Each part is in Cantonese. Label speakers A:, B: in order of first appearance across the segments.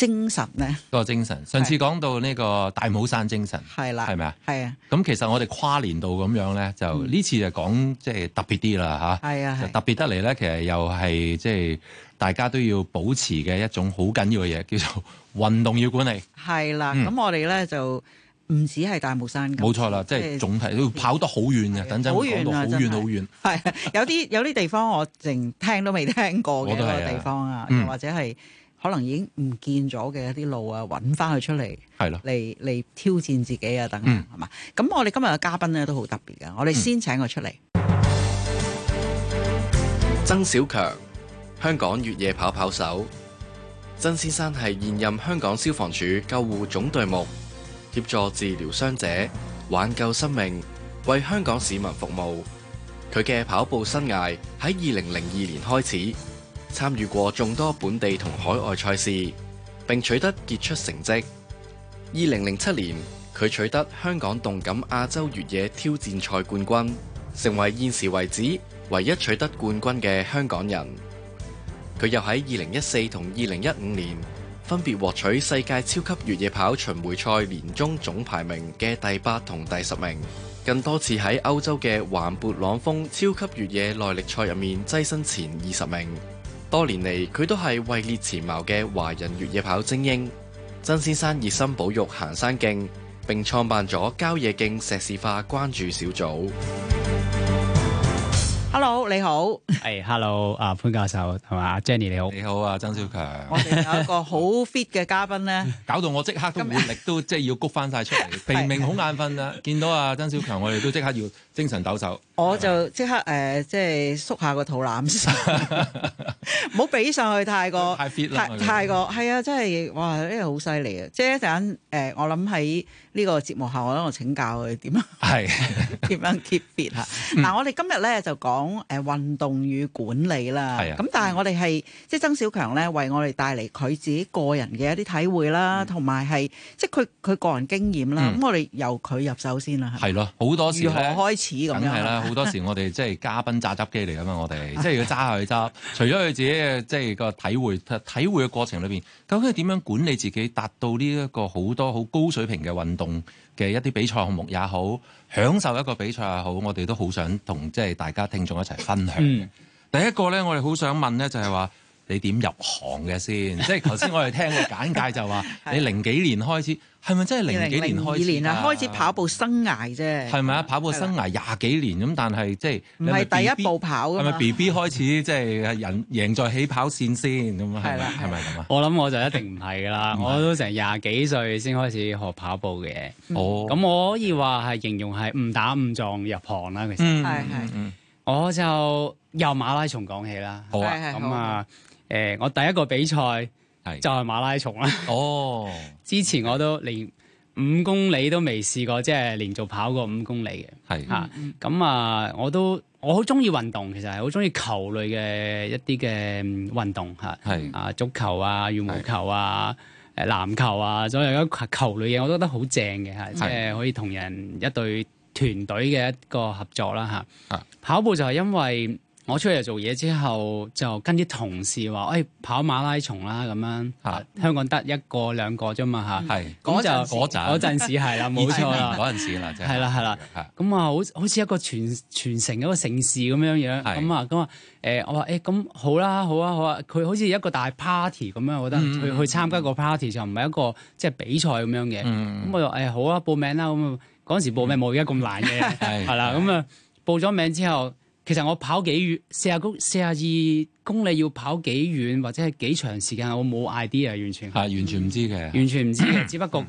A: 精神
B: 咧，個精神。上次講到呢個大帽山精神，係啦，係咪啊？係啊。咁其實我哋跨年度咁樣咧，就呢次就講即係特別啲啦嚇。係啊，特別得嚟咧，其實又係即係大家都要保持嘅一種好緊要嘅嘢，叫做運動要管理。
A: 係啦，咁我哋咧就唔止係大帽山，冇錯啦，即係總
B: 體都跑得好遠啊，等陣講到好遠好遠。
A: 係，有啲有啲地方我淨聽都未聽過嘅地方啊，或者係。可能已經唔見咗嘅一啲路啊，揾翻佢出嚟，係咯，嚟嚟挑戰自己啊，等、嗯，係嘛？咁我哋今日嘅嘉賓咧都好特別嘅，我哋先請佢出嚟。嗯、
C: 曾小強，香港越野跑跑手，曾先生係現任香港消防處救護總隊目，協助治療傷者、挽救生命、為香港市民服務。佢嘅跑步生涯喺二零零二年開始。參與過眾多本地同海外賽事，並取得傑出成績。二零零七年，佢取得香港動感亞洲越野挑戰賽冠軍，成為現時為止唯一取得冠軍嘅香港人。佢又喺二零一四同二零一五年分別獲取世界超級越野跑巡迴賽年終總排名嘅第八同第十名，更多次喺歐洲嘅環勃朗峰超級越野耐力賽入面躋身前二十名。多年嚟，佢都係位列前茅嘅華人越野跑精英。曾先生熱心保育行山徑，並創辦咗郊野徑石屎化關注小組。
A: Hello，你好。
B: 係，Hello，阿潘教授同埋阿 Jenny 你好。你好啊，曾小強。我哋
A: 有一個好 fit 嘅嘉賓咧，
B: 搞到我即刻都活力都即係要谷翻晒出嚟，明明好眼瞓啊，見到阿曾小強我哋都即刻要精神抖擻。
A: 我就即刻誒，即係縮下個肚腩先，唔好俾上去太過太過。係啊，真係哇，呢個好犀利啊！即係一陣誒，我諗喺呢個節目下，我諗我請教佢點樣。啊，點樣 keep fit 吓！嗱，我哋今日咧就講。講誒運動與管理啦，咁但係我哋係、嗯、即係曾小強咧，為我哋帶嚟佢自己個人嘅一啲體會啦，同埋係即係佢佢個人經驗啦。咁、嗯、我哋由佢入手先啦，係
B: 咯，好多時如何開始咁樣？梗係啦，好多時我哋即係嘉賓榨汁機嚟啊嘛，我哋即係要揸下去揸。除咗佢自己嘅即係個體會，體會嘅過程裏邊，究竟係點樣管理自己，達到呢一個好多好高水平嘅運動嘅一啲比賽項目也好？享受一個比賽也好，我哋都好想同大家聽眾一齊分享。嗯、第一個呢，我哋好想問呢，就係話，你點入行嘅先？即係頭先我哋聽個簡介就話你零幾年開始，係咪真係零零幾年開始年啊？開
A: 始跑步生涯啫，係咪啊？跑步生涯
B: 廿幾年咁，但係即係唔係第一步跑噶嘛？係咪 B B 開始即係人贏在起跑線先咁啊？係咪係咪咁啊？我諗我就一定唔係
D: 㗎啦，我都成廿幾歲先開始學跑步嘅。哦，咁我可以話係形容係誤打誤撞入行啦。其實係係，我就由馬拉松講起啦。好啊，咁啊。誒，我第一個比賽就係馬拉松啦。哦 ，之前我都連五公里都未試過，即係連續跑過五公里嘅。係啊，咁 啊，我都我好中意運動，其實係好中意球類嘅一啲嘅運動吓。係啊，足球啊，羽毛球啊，誒，籃球啊，所有一球類嘢，我都覺得好正嘅吓。即係可以同人一對團隊嘅一個合作啦吓。啊，跑步就係因為。我出嚟做嘢之後，就跟啲同事話，誒跑馬拉松啦，咁樣。嚇，香港得一個兩個啫嘛，嚇。係。咁就嗰陣時係啦，冇錯啦，嗰陣
E: 時啦，真係。係啦，係啦。
D: 咁啊，好好似一個全全城一個城市咁樣樣。咁啊，咁啊，誒，我話誒，咁好啦，好啊，好啊，佢好似一個大 party 咁樣，我覺得去去參加個 party 就唔係一個即係比賽咁樣嘅。咁我就誒好啊，報名啦，咁啊，嗰陣時報名冇而家咁難嘅，係啦，咁啊，報咗名之後。其實我跑幾遠？四啊公四啊二公里要跑幾遠或者係幾長時間？我冇 idea 完全吓完全唔知嘅，完全唔知嘅，不知 只不過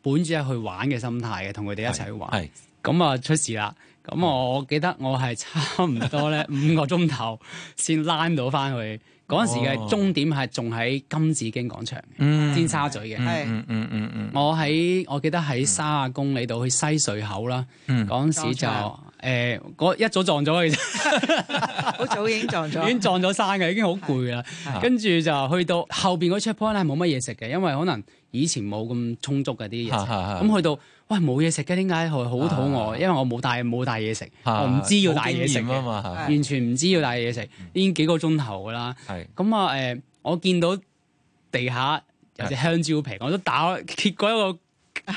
D: 本住着去玩嘅心態嘅，同佢哋一齊去玩。咁啊出事啦！咁我記得我係差唔多咧五個鐘頭先拉到翻去。嗰陣 時嘅終點係仲喺金紫荊廣場尖、哦、沙咀嘅。係、嗯，嗯嗯嗯我喺我記得喺卅公里度去西隧口啦。嗰陣、嗯、時就。嗯誒，欸、我一早撞咗嘅啫，好 早 已經撞咗，已經撞咗山嘅，已經好攰啦。跟住就去到後邊嗰出坡咧，冇乜嘢食嘅，因為可能以前冇咁充足嘅啲嘢。咁去到，喂，冇嘢食嘅，點解佢好肚餓？因為我冇帶冇帶嘢食，我唔知要帶嘢食嘅，啊、完全唔知要帶嘢食。已經幾個鐘頭噶啦，咁啊誒，我見到地下有隻香蕉皮，我都打揭過一個。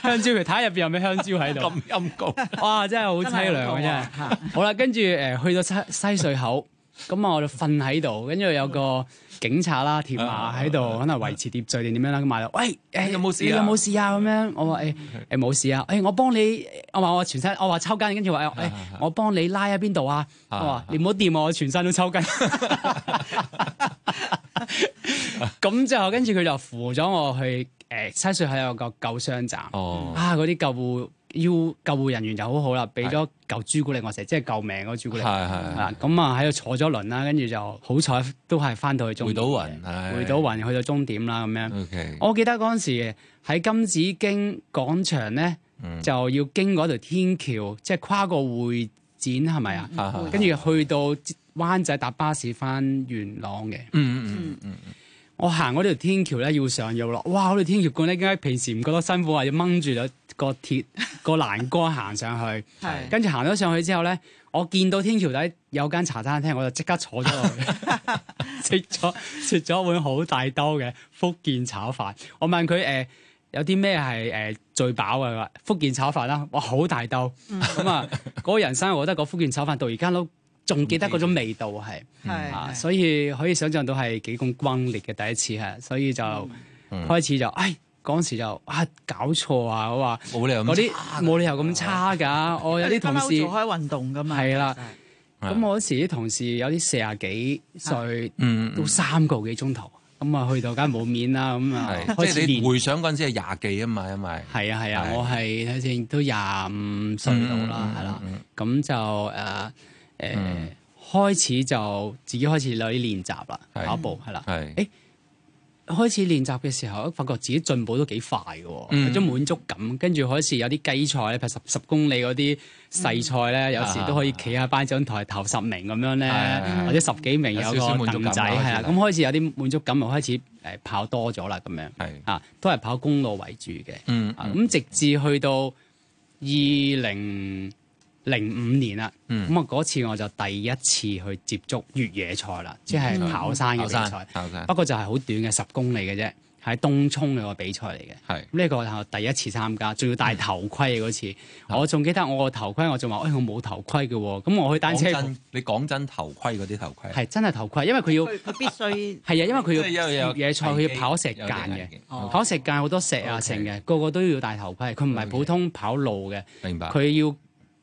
D: 香蕉皮，睇下入邊有咩香蕉喺度。咁陰功，哇，真係好淒涼啊！真係。好啦，跟住誒去到西西隧口，咁啊，我就瞓喺度，跟住有個警察啦，貼埋喺度，可能維持秩序定點樣啦。咁埋嚟，喂，有冇事啊？有冇事啊？咁樣，我話誒誒冇事啊，誒我幫你，我話我全身，我話抽筋，跟住話誒我幫你拉喺邊度啊？我話你唔好掂我，我全身都抽筋。咁之後，跟住佢就扶咗我去。誒，七歲喺有個救傷站，啊，嗰啲救護要救護人員就好好啦，俾咗嚿朱古力我食，即係救命嗰朱古力。係係。咁啊，喺度坐咗輪啦，跟住就好彩都係翻到去終點。回倒雲，回倒雲去到終點啦，咁樣。我記得嗰陣時喺金紫荊廣場咧，就要經過條天橋，即係跨過會展係咪啊？跟住去到灣仔搭巴士翻元朗嘅。嗯嗯嗯
E: 嗯。
D: 我行嗰條天橋咧要上要落，哇！我哋天橋冠咧，點解平時唔覺得辛苦啊，要掹住個鐵個欄杆行上去，跟住行咗上去之後咧，我見到天橋底有間茶餐廳，我就即刻坐咗落去，食咗食咗碗好大兜嘅福建炒飯。我問佢誒、呃、有啲咩係誒最飽嘅福建炒飯啦、啊，哇！好大兜咁 、嗯、啊，嗰、那個、人生我覺得嗰福建炒飯到而家都……仲記得嗰種味道係，啊，所以可以想象到係幾咁轟烈嘅第一次係，所以就開始就，唉，嗰陣時就啊搞錯啊，我話冇理由咁差，冇理由咁差㗎，我有啲同事做開運動㗎嘛，係啦，咁我嗰時啲同事有啲四十幾歲，都三個幾鐘頭，咁啊去到梗冇面啦，咁啊，即你回想嗰陣時係廿幾啊嘛，因為係啊係啊，我係睇先都廿五歲到啦，係啦，咁就誒。誒，開始就自己開始有啲練習啦，跑步係啦。係，誒，開始練習嘅時候，發覺自己進步都幾快嘅，有種滿足感。跟住開始有啲雞賽咧，十十公里嗰啲細賽咧，有時都可以企喺頒獎台頭十名咁樣咧，或者十幾名有個凳仔係啦。咁開始有啲滿足感，又開始誒跑多咗啦，咁樣係啊，都係跑公路為主嘅。咁直至去到二零。零五年啦，咁啊嗰次我就第一次去接觸越野賽啦，即係跑山嘅比賽。跑山，不過就係好短嘅十公里嘅啫，喺東涌嘅個比賽嚟嘅。係，呢個第一次參加，仲要戴頭盔嘅嗰次，我仲記得我個頭盔，我仲話，哎，我冇頭盔嘅，咁我去單車。你講真頭盔嗰啲頭盔係真係頭盔，因為佢要佢
A: 必須係
D: 啊，因為佢要越野賽，佢要跑石澗嘅，跑石澗好多石啊，成嘅，個個都要戴頭盔，佢唔係普通跑路嘅，明白佢要。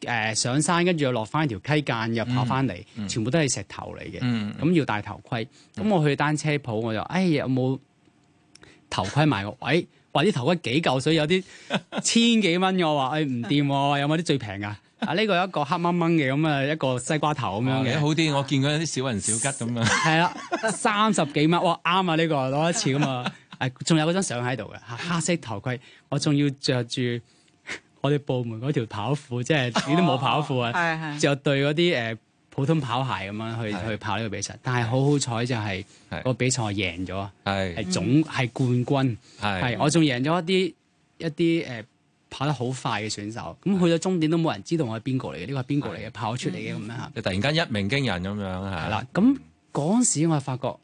D: 誒上山，跟住又落翻條溪澗，又跑翻嚟，嗯、全部都係石頭嚟嘅，咁、嗯、要戴頭盔。咁、嗯、我去單車鋪，我就，哎有冇頭盔賣喎？喂、哎，話啲頭盔幾嚿水，有啲千幾蚊嘅話，誒唔掂喎，有冇啲最平噶、啊？啊，呢、這個有一個黑掹掹嘅，咁啊一個西瓜頭咁、啊嗯嗯、樣嘅，啊、好啲。
B: 我見過有啲小雲、小吉咁樣、啊。
D: 係得、啊、三十幾蚊，哇，啱、這個、啊！呢個攞 一次咁嘛。誒，仲有張相喺度嘅，黑色頭盔，我仲要着住。我哋部門嗰條跑褲，即係你都冇跑褲啊，就對嗰啲誒普通跑鞋咁樣去去跑呢個比賽。但係好好彩就係個比賽贏咗，係總係冠軍。
B: 係我仲
D: 贏咗一啲一啲誒跑得好快嘅選手。咁去到終點都冇人知道我係邊個嚟嘅，呢個係邊個嚟嘅跑出嚟嘅咁樣吓。你
B: 突然間一鳴驚人咁樣吓。係啦，咁
D: 嗰時我發覺誒，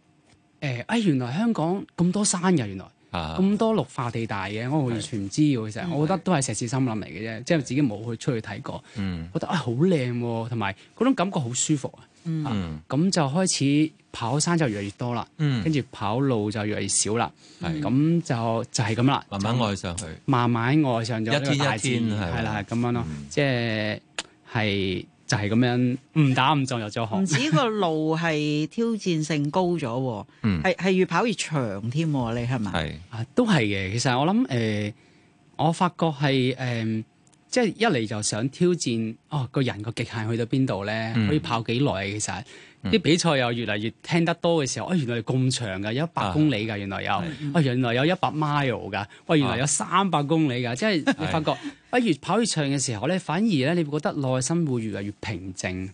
D: 哎原來香港咁多山嘅原來。咁多綠化地帶嘅，我完全唔知其實，我覺得都係石屎森林嚟嘅啫，即係自己冇去出去睇過，覺得啊好靚喎，同埋嗰種感覺好舒服啊，咁就開始跑山就越嚟越多啦，跟住跑路就越嚟越少啦，咁就就係咁啦，慢慢愛上去，慢慢愛上咗呢個大自然，係啦，係咁樣咯，即係係。就係咁樣誤打誤撞入咗行，唔止個
A: 路係挑戰性高咗，係係、嗯、越跑越長添，你係咪？係啊，都係嘅。其實我諗，誒、呃，我
D: 發覺係誒、呃，
A: 即係一嚟就想
D: 挑戰，哦，個人個極限去到邊度咧？嗯、可以跑幾耐？其實。啲比賽又越嚟越聽得多嘅時候，哦，原來咁長㗎，有一百公里㗎，原來有，哇，原來有一百 mile 㗎，哇，原來有三百公里㗎，即係你發覺，啊，越跑越長嘅時候咧，反而咧，你會覺得內心會越嚟越平靜，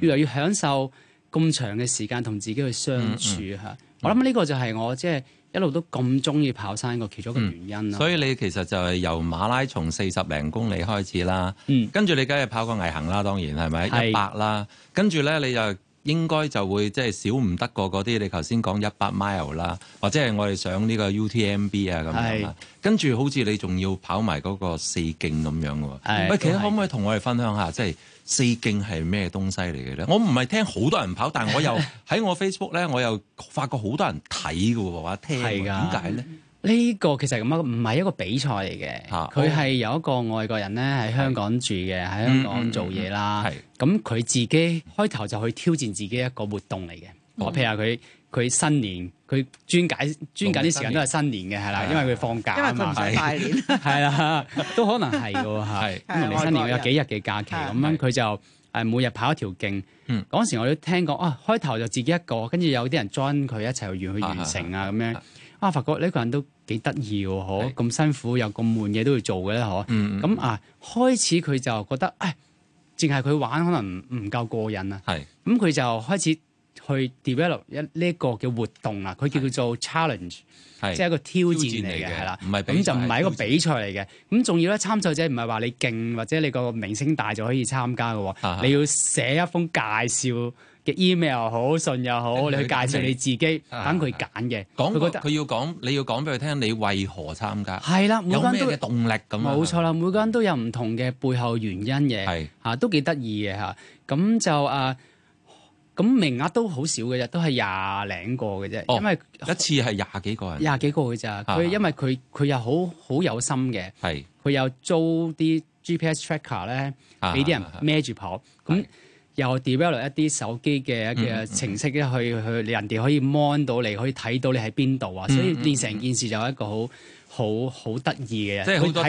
D: 越嚟越享受咁長嘅時間同自己去相處吓。我諗呢個就係我即係一路都咁中意跑山個其中一個原因啦。所
B: 以你其實就係由馬拉松四十零公里開始啦，跟住你梗係跑過毅行啦，當然係咪一百啦，跟住咧你就。應該就會即係少唔得過嗰啲，你頭先講一百 mile 啦，或者係我哋上呢個 UTMB 啊咁樣。係。跟住好似你仲要跑埋嗰個四徑咁樣喎。係。其實可唔可以同我哋分享下，即係四徑係咩東西嚟嘅咧？我唔係聽好多人跑，但我又喺 我 Facebook 咧，我又發覺好多人睇㗎喎話聽喎，點解咧？呢
D: 個其實咁啊，唔係一個比賽嚟嘅。佢係有一個外國人咧，喺香港住嘅，喺香港做嘢啦。咁佢自己開頭就去挑戰自己一個活動嚟嘅。譬如話佢佢新年，佢專解專緊啲時間都係新年嘅，係啦，因為佢放假嘛。係啊，都可能係喎，係。咁同你新年有幾日嘅假期咁樣，佢就誒每日跑一條徑。嗰時我都聽講啊，開頭就自己一個，跟住有啲人 join 佢一齊去完去完成啊咁樣。啊，發覺呢個人都幾得意喎，嗬！咁辛苦又咁悶嘢都要做嘅咧，嗬、嗯！咁啊，開始佢就覺得，誒，淨係佢玩可能唔夠過癮啊。係。咁佢就開始去 develop 一呢一個嘅活動啦。佢叫做 challenge，即係一個挑戰嚟嘅，係啦。唔係比賽嚟嘅。咁就唔係一個比賽嚟嘅。咁仲要咧，參賽者唔係話你勁或者你個明星大就可以參加嘅喎。你要寫一封介紹。嘅 email 又好信
B: 又好，你去介紹你自己，等佢揀嘅。講佢覺得佢要講，你要講俾佢聽，你為何參加？係啦，每間每個人都有咩動
D: 力咁樣？冇錯啦，每個人都有唔同嘅背後原因嘅。係嚇，都幾得意嘅嚇。咁就啊，咁名額都好少嘅啫，都係廿零個嘅啫。因為一次係廿幾個人，廿幾個嘅咋？佢因為佢佢又好好有心嘅。係，佢又租啲 GPS tracker 咧，俾啲人孭住跑咁。又 develop 一啲手機嘅嘅程式咧，去去人哋可以 mon 到你，可以睇到你喺邊度啊！所以變成件事就係一個好
B: 好好得意嘅，人。即係好多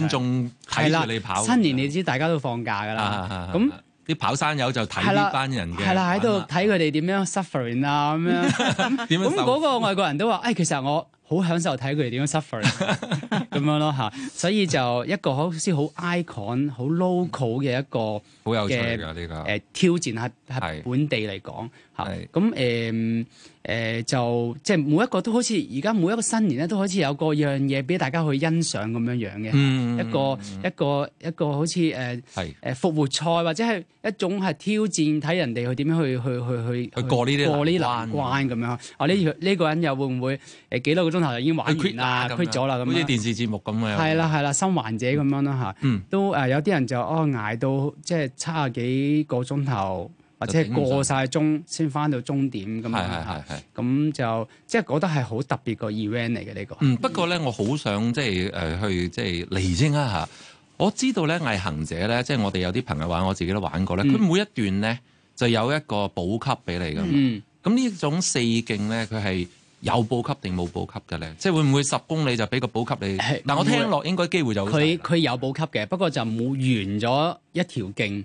B: 觀眾睇住你跑。新
D: 年你知大家都放假噶啦，
B: 咁啲跑山友就睇呢班人，嘅，係啦
D: 喺度睇佢哋點樣 suffering 啊咁樣。
E: 咁嗰
D: 個外國人都話：誒其實我。好享受睇佢哋點樣 suffer 咁 樣咯嚇，所以就一個好似好 icon 好 local 嘅一個好有趣㗎呢、呃呢個挑戰喺喺本地嚟講。係咁誒，誒就即係每一個都好似而家每一個新年咧，都好似有個樣嘢俾大家去欣賞咁樣樣嘅，一個一個一個好似誒，誒復活賽或者係一種係挑戰，睇人哋去點樣去去去去過呢啲難關咁樣。哦，呢呢個人又會唔會誒幾多個鐘頭就已經玩完啦，quit 咗啦咁。好似電
B: 視節目咁嘅。係啦
D: 係啦，生還者咁樣啦吓。都誒有啲人就哦捱到即係七啊幾個鐘頭。或者係過晒鐘先翻到終點咁樣，咁就即係覺得係好特別個 event 嚟嘅呢個。
B: 嗯，不過咧，我好想即係誒去即係釐清一下。我知道咧，毅行者咧，即係我哋有啲朋友玩，我自己都玩過咧。佢每一段咧就有一個補給俾你㗎嘛。咁呢種四徑咧，佢係有補給定冇補給嘅咧？即係會唔會十公里就俾個補給你？嗱，我聽落應該機會就好大。佢佢有補給嘅，不過就冇完咗
D: 一條徑。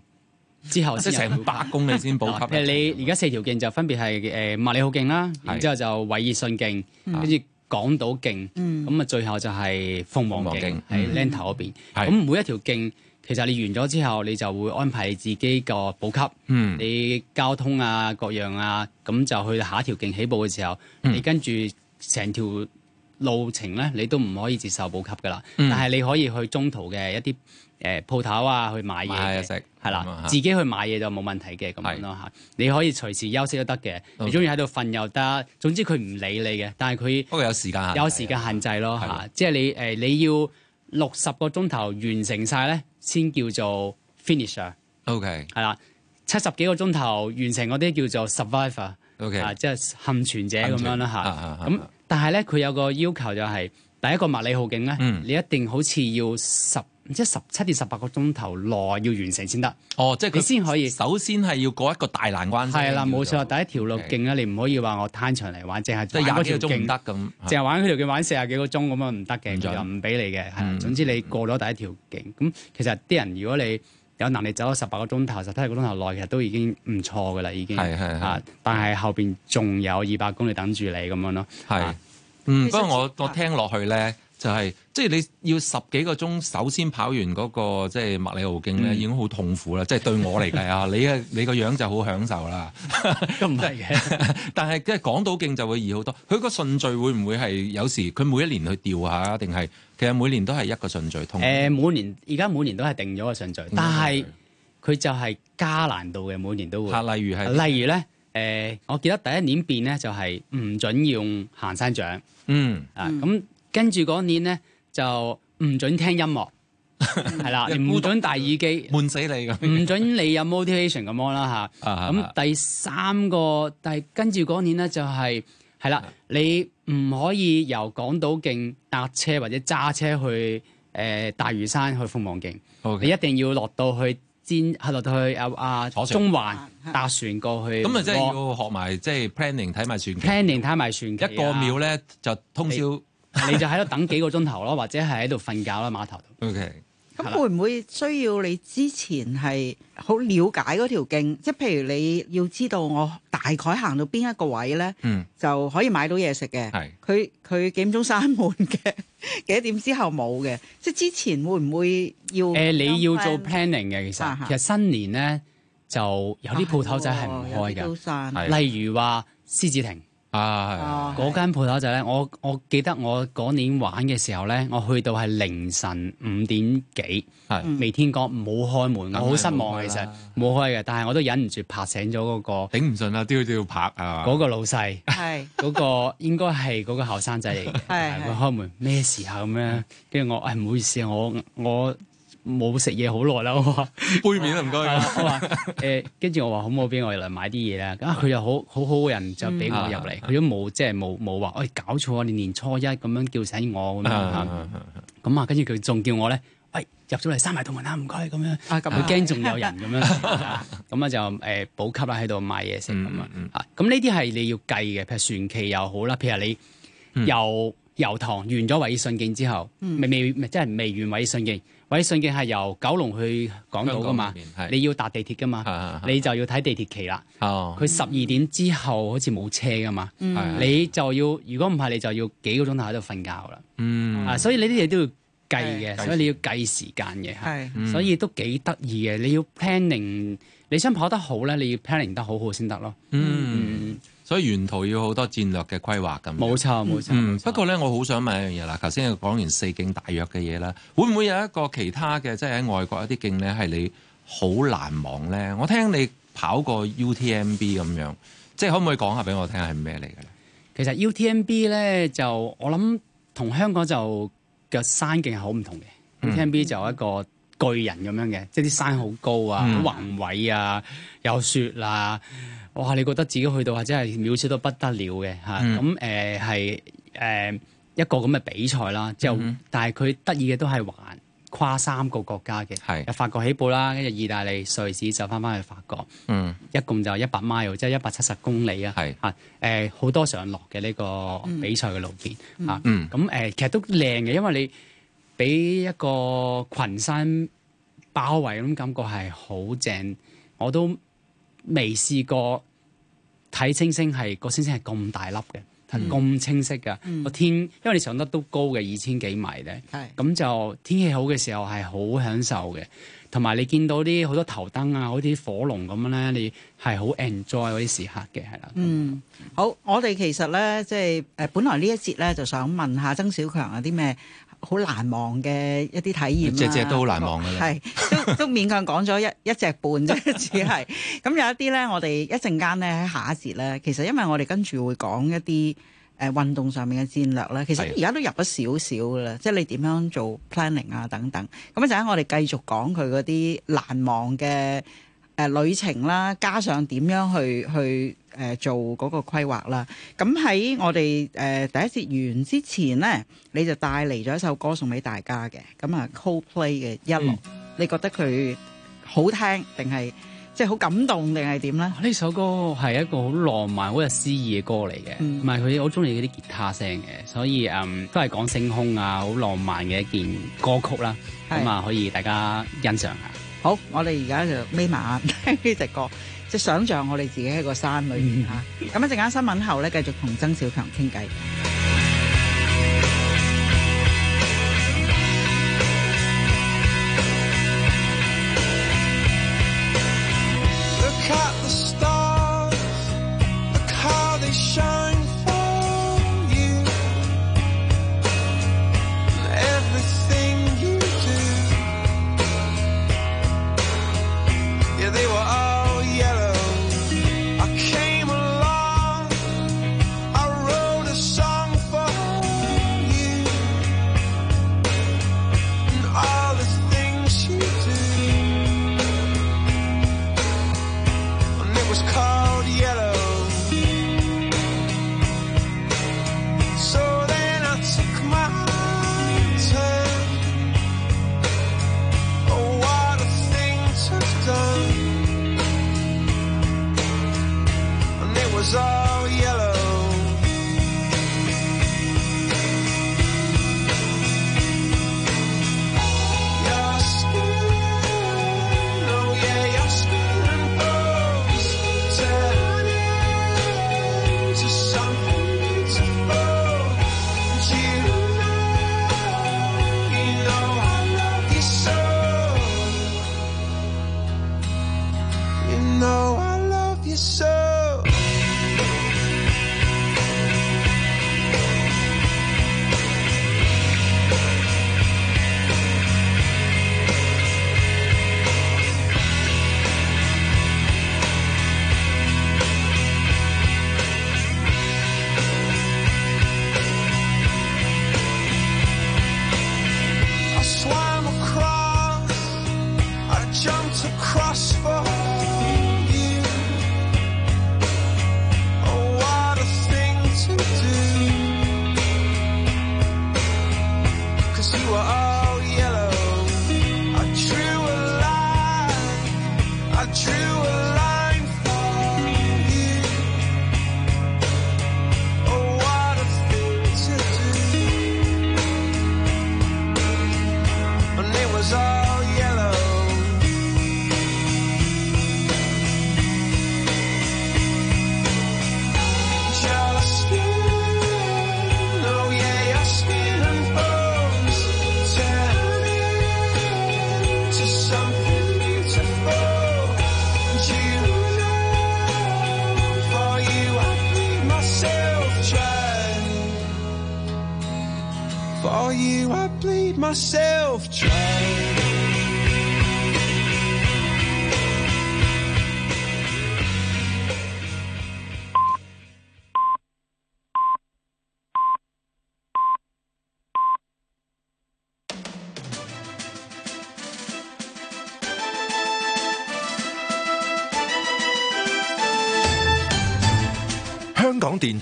D: 之後，即成百公里先補給。你而家四條徑就分別係誒麥理浩徑啦，然之後就衛奕信徑，跟住港島徑，咁啊最後就係鳳凰徑，係爛頭嗰邊。咁每一條徑，其實你完咗之後，你就會安排自己個補給，你交通啊、各樣啊，咁就去下一條徑起步嘅時候，你跟住成條路程咧，你都唔可以接受補給㗎喇。但係你可以去中途嘅一啲誒鋪頭啊，去買嘢。係啦，自己去買嘢就冇問題嘅咁樣咯嚇。你可以隨時休息都得嘅，你中意喺度瞓又得。總之佢唔理你嘅，但係佢不過有時間有時間限制咯嚇。即係你誒你要六十個鐘頭完成晒咧，先叫做 finisher。OK，係啦，七十幾個鐘頭完成嗰啲叫做 survivor。OK，啊，即係幸存者咁樣啦嚇。咁但係咧，佢有個要求就係第一個麥理浩徑咧，你一定好似要十。即係十七至十八個鐘頭內要完成先得，哦，即係佢先可以。首先係要過一個大難關。係啦，冇錯，第一條路徑啊，你唔可以話我攤長嚟玩，淨係走嗰條徑得咁，淨係玩佢條徑玩四十幾個鐘咁樣唔得嘅，就唔俾你嘅。係，總之你過咗第一條徑。咁其實啲人如果你有能力走咗十八個鐘頭、十七個鐘頭內，其實都已經唔錯噶啦，已經係係係。但係後
B: 邊仲有二百公里等住你咁樣咯。係，嗯，不過我我聽落去咧。就係即係你要十幾個鐘，首先跑完嗰個即係麥理浩徑咧，已經好痛苦啦！即係對我嚟講啊，你嘅你個樣就好享受啦，
C: 都唔係嘅。
B: 但係即係港島徑就會易好多，佢個順序會唔會係有時佢每一年去調下，定係其實每年都係一個順序通？誒，
D: 每年而家每年都係定咗個順序，但係佢就係加難度嘅，每年都會。例如係，例如咧，誒，我記得第一年變咧就係唔準用行山杖。嗯啊，咁。跟住嗰年咧就唔准聽音樂，係啦，唔准戴耳機，悶死你㗎，唔准你有 motivation 咁樣啦吓！咁 、啊、第三個，但係跟住嗰年咧就係係啦，你唔可以由港島徑搭車或者揸車去誒、呃、大嶼山去鳳凰徑，okay，你一定要落到去尖係落到去啊啊中環搭船過去。咁啊，即、啊、係要學埋即係 planning 睇埋船。planning 睇埋船。一個秒咧就通宵。<4. S 1> 你就喺度等幾個鐘頭咯，或者係喺度瞓覺啦。碼頭。O K. 咁
A: 會唔會需要你之前係好了解嗰條徑？即係譬如你要知道我大概行到邊一個位咧，嗯，就可以買到嘢食嘅。係，佢佢幾點鐘閂門嘅？幾點之後冇嘅？即係之前會唔會要？誒、呃，你要做 planning 嘅，
D: 其實行行其實新年咧就有啲鋪頭仔係唔開嘅，哎、例如話獅子亭。啊，嗰間鋪頭仔咧，我我記得我嗰年玩嘅時候咧，我去到係凌晨五點幾，未天光唔好開門，我好失望其實冇開嘅，但係我都忍唔住拍醒咗嗰個頂唔順啦，都要拍啊！嗰個老細係嗰個應該係嗰個後生仔嚟嘅，佢開門咩時候咁樣？跟住我，哎唔好意思啊，我我。冇食嘢好耐啦，
B: 杯麵啊，唔該啊，
D: 跟住我話好唔好俾我嚟買啲嘢啦，啊佢又好好好嘅人就俾我入嚟，佢都冇即係冇冇話，哎搞錯啊，年年初一咁樣叫醒我咁樣嚇，咁啊跟住佢仲叫我咧，哎入咗嚟閂埋道門啊，唔該咁樣，佢驚仲有人咁樣，咁啊就誒補給啦喺度買嘢食咁啊，咁呢啲係你要計嘅，譬如船期又好啦，譬如你由油塘完咗衛奕信徑之後，未未即係未完衛奕信徑。衛奕信徑係由九龍去港島噶嘛？你要搭地鐵噶嘛？是是是你就要睇地鐵期啦。佢十二點之後好似冇車噶嘛？嗯、你就要，如果唔係你就要幾個鐘頭喺度瞓覺啦。
E: 嗯、啊，
D: 所以呢啲嘢都要計嘅，計所以你要計時間嘅。係，所以都幾得意嘅。你要 planning，你想跑得好咧，你要 planning 得好好先得咯。嗯。
E: 嗯。
B: 所以沿途要好多戰略嘅規劃咁。冇錯，冇錯。嗯、錯不過咧，我好想問一樣嘢啦。頭先講完四徑大約嘅嘢啦，會唔會有一個其他嘅，即係喺外國一啲徑咧，係你好難忘咧？我聽你跑過 UTMB 咁樣，即係可唔可以講下俾我聽係咩嚟嘅？其實 UTMB 咧就我諗同香港就
D: 嘅山徑係好唔同嘅。嗯、UTMB 就一個巨人咁樣嘅，即係啲山好高啊，好、嗯、宏偉啊，有雪啦、啊。哇！你覺得自己去到或者係渺小到不得了嘅，嚇，咁誒係誒一個咁嘅比賽啦。嗯、就但係佢得意嘅都係橫跨三個國家嘅，係法國起步啦，跟住意大利、瑞士就翻翻去法國，嗯，一共米就一百 mile，即係一百七十公里啊，係嚇誒好多上落嘅，呢、這個比賽嘅路面嚇，咁誒其實都靚嘅，因為你俾一個群山包圍咁感覺係好正，我都。我都未試過睇星星係個星星係咁大粒嘅，係咁清晰嘅個天，因為你上得都高嘅二千幾米咧，咁就天氣好嘅時候係好享受嘅，同埋你見到啲好多頭燈啊，好似火龍咁樣咧，你係好 enjoy 嗰啲時刻嘅，係啦。
E: 嗯，
A: 嗯好，我哋其實咧即係誒，就是、本來呢一節咧就想問,問下曾小強呀啲咩？好難忘嘅一啲體驗啦，隻隻都好難忘嘅，係 都都勉強講咗一一隻半啫，只係咁 有一啲咧，我哋一陣間咧喺下一節咧，其實因為我哋跟住會講一啲誒、呃、運動上面嘅戰略咧，其實而家都入咗少少噶啦，即係你點樣做 planning 啊等等，咁啊就喺我哋繼續講佢嗰啲難忘嘅。誒旅程啦，加上點樣去去誒做嗰個規劃啦。咁喺我哋誒第一節完之前咧，你就帶嚟咗一首歌送俾大家嘅。咁啊，Coldplay 嘅一路，你覺得佢好聽定係即係好感動定係點咧？呢首歌係一個好浪漫、好有
D: 詩意嘅歌嚟嘅。唔係，佢好中意嗰啲吉他聲嘅，所以嗯都係講星空啊，好浪漫嘅一件歌曲啦。咁啊，可以大家欣賞下。
A: 好，我哋而家就眯埋眼聽呢隻歌，即係想象我哋自己喺個山裏面。嗯、啊！咁一陣間新聞後咧，繼續同曾小強傾偈。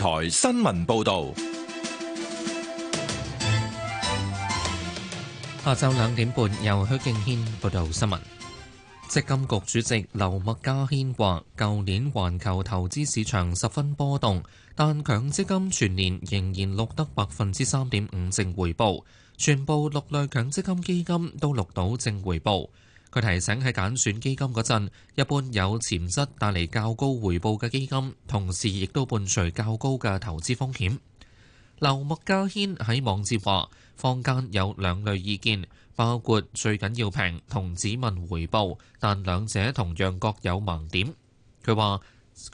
F: 台新聞報導，下晝兩點半由許敬軒報道新聞。積金局主席劉麥嘉軒話，舊年環球投資市場十分波動，但強積金全年仍然錄得百分之三點五正回報，全部六類強積金基金都錄到正回報。佢提醒喺揀選基金嗰陣，一般有潛質帶嚟較高回報嘅基金，同時亦都伴隨較高嘅投資風險。劉麥嘉軒喺網誌話：坊間有兩類意見，包括最緊要平同只問回報，但兩者同樣各有盲點，佢話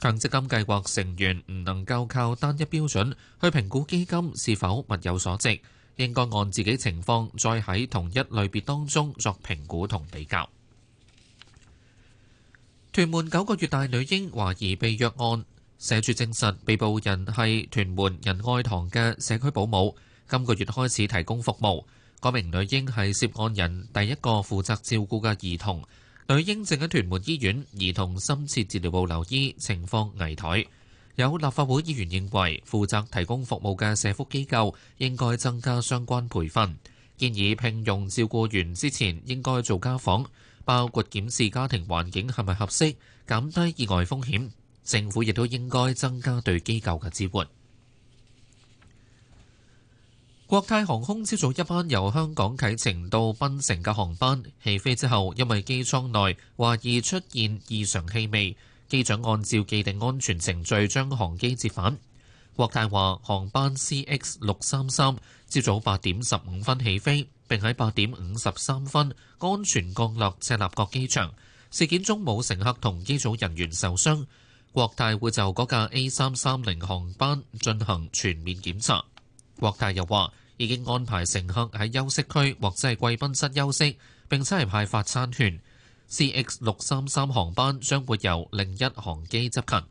F: 強積金計劃成員唔能夠靠單一標準去評估基金是否物有所值。應該按自己情況，再喺同一類別當中作評估同比較。屯門九個月大女嬰懷疑被虐案，社署證實被捕人係屯門仁愛堂嘅社區保姆，今個月開始提供服務。嗰名女嬰係涉案人第一個負責照顧嘅兒童，女嬰正喺屯門醫院兒童深切治療部留醫，情況危殆。有立法會議員認為，負責提供服務嘅社福機構應該增加相關培訓，建議聘用照顧員之前應該做家訪，包括檢視家庭環境係咪合適，減低意外風險。政府亦都應該增加對機構嘅支援。國泰航空朝早一班由香港啟程到檳城嘅航班起飛之後，因為機艙內懷疑出現異常氣味。機長按照既定安全程序將航機折返。國泰話：航班 C X 六三三朝早八點十五分起飛，並喺八點五十三分安全降落赤鱲角機場。事件中冇乘客同機組人員受傷。國泰會就嗰架 A 三三零航班進行全面檢查。國泰又話：已經安排乘客喺休息區或者係貴賓室休息，並且係派發餐券。CX 六三三航班將會由另一航機執勤。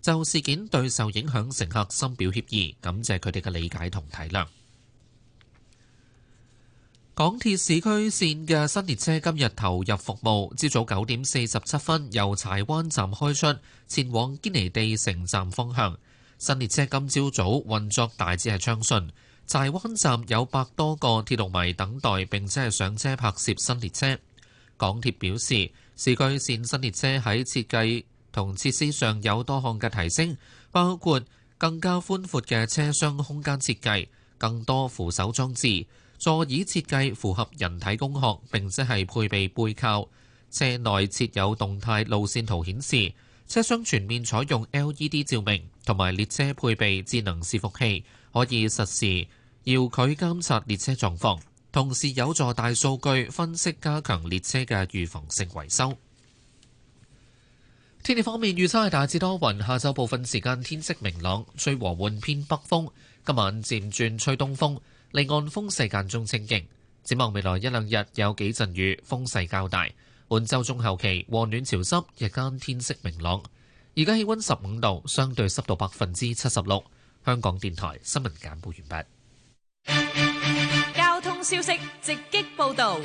F: 就事件對受影響乘客深表歉意，感謝佢哋嘅理解同體諒。港鐵市區線嘅新列車今日投入服務，朝早九點四十七分由柴灣站開出，前往堅尼地城站方向。新列車今朝早運作大致係暢順，柴灣站有百多個鐵路迷等待，並且係上車拍攝新列車。港鐵表示，市區線新列車喺設計同設施上有多項嘅提升，包括更加寬闊嘅車廂空間設計、更多扶手裝置、座椅設計符合人體工學，並且係配備背靠。車內設有動態路線圖顯示，車廂全面採用 LED 照明，同埋列車配備智能伺服器，可以實時遙距監察列車狀況。同時有助大數據分析，加強列車嘅預防性維修。天氣方面預測係大致多雲，下晝部分時間天色明朗，吹和緩偏北風。今晚漸轉吹東風，離岸風勢間中清勁。展望未來一兩日有幾陣雨，風勢較大。本週中後期和暖潮濕，日間天色明朗。而家氣温十五度，相對濕度百分之七十六。香港電台新聞簡報完畢。
G: 消息直擊報道。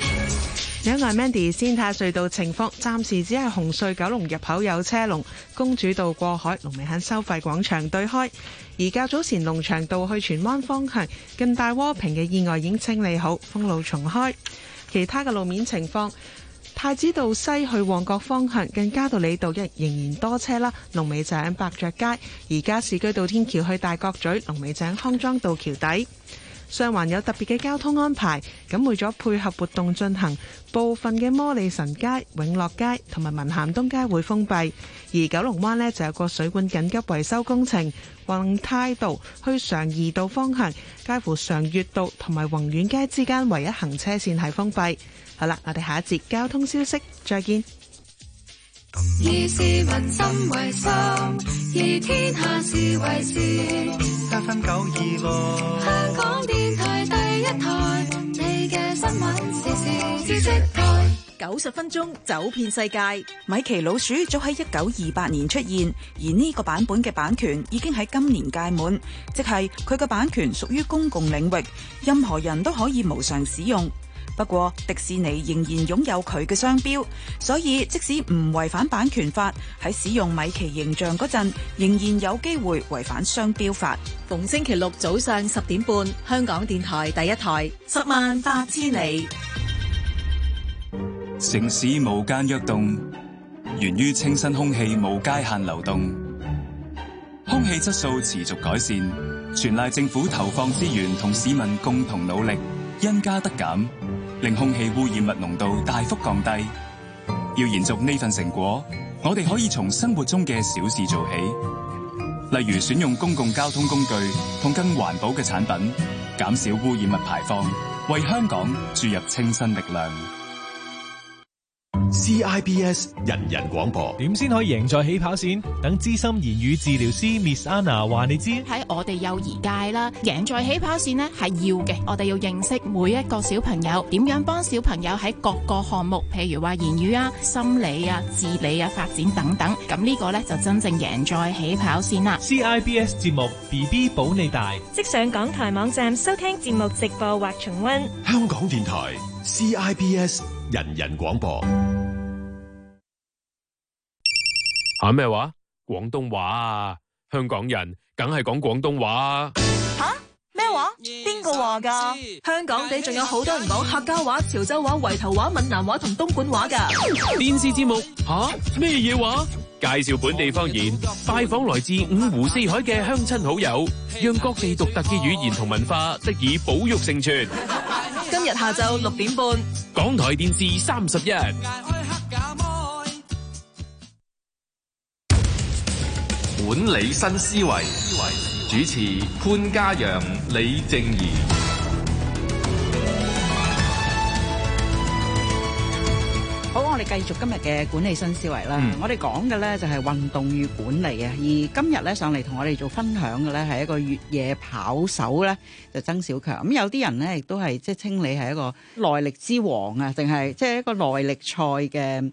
H: 另外，Mandy 先睇下隧道情況，暫時只係紅隧九龍入口有車龍。公主道過海，龍尾喺收費廣場對開。而較早前龍翔道去荃灣方向，近大窩坪嘅意外已經清理好，封路重開。其他嘅路面情況，太子道西去旺角方向，近加道理道仍仍然多車啦。龍尾井白雀街，而家市居道天橋去大角咀，龍尾井康莊道橋底。上環有特別嘅交通安排，咁為咗配合活動進行，部分嘅摩利臣街、永樂街同埋文咸東街會封閉。而九龍灣呢，就有個水管緊急維修工程，宏泰道去常怡道方向，介乎常悦道同埋宏遠街之間唯一行車線係封閉。好啦，我哋下一節交通消息，再見。
I: 以市民心為心，以天下事為事。
A: 香港電台第一台，你嘅新聞時事知識台。九十分鐘走遍世界。米奇老鼠早喺一九二八年出現，而呢個版本嘅版權已經喺今年屆滿，即係佢嘅版權屬於公共領域，任何人都可以無償使用。不過迪士尼仍然擁有佢嘅商標，所以即使唔違反版權法，喺使用米奇形象嗰陣，仍然有機會違反
H: 商標法。逢星期六早上十點半，香港電台第一台，十萬八千里。
B: 城市無間躍動，源於清新空氣無界限流動，空氣質素
C: 持續改善，全賴政府投放資源同市民共同努力，因加得減。令空氣污染物濃度大幅降低。要延續呢份成果，我哋可以從生活中嘅小事做起，例如選用公共交通工具同更環保嘅產品，減少污染物排放，為香港注入清新力量。CIBS 人人廣播，點先可以贏在起跑線？等資深言語治療師 Miss Anna 話你
A: 知，喺我哋幼兒界啦，贏在起跑線呢係要嘅。我哋要認識每一個小朋友，點樣幫小朋友喺各個項目，譬如話言語啊、心理啊、自理啊發展等等。咁呢個呢就真正贏在起跑線啦。CIBS
C: 節目 BB 保你大，即上港台網站收聽節目直播或重溫。香港電台 CIBS 人人廣播。
B: 吓咩話？廣東話啊！香港人梗係講廣東話啊！吓
H: 咩話？邊個話噶？香港地仲有好多人講客家話、潮州話、圍頭話、閩南話同東莞話噶。電視節目
C: 吓咩嘢話？介紹本地方言，拜訪來自五湖四海嘅鄉親好友，讓各地獨特嘅語言同文化得以保育承傳。
H: 今日下晝六點半，
C: 港台電視三十一。管理新思維，主持潘嘉陽、李靜宜。
A: 好，我哋繼續今日嘅管理新思維啦。嗯、我哋講嘅呢就係運動與管理啊。而今日呢上嚟同我哋做分享嘅呢係一個越野跑手呢就曾小強。咁有啲人呢亦都係即係稱你係一個耐力之王啊，定係即係一個耐力賽嘅。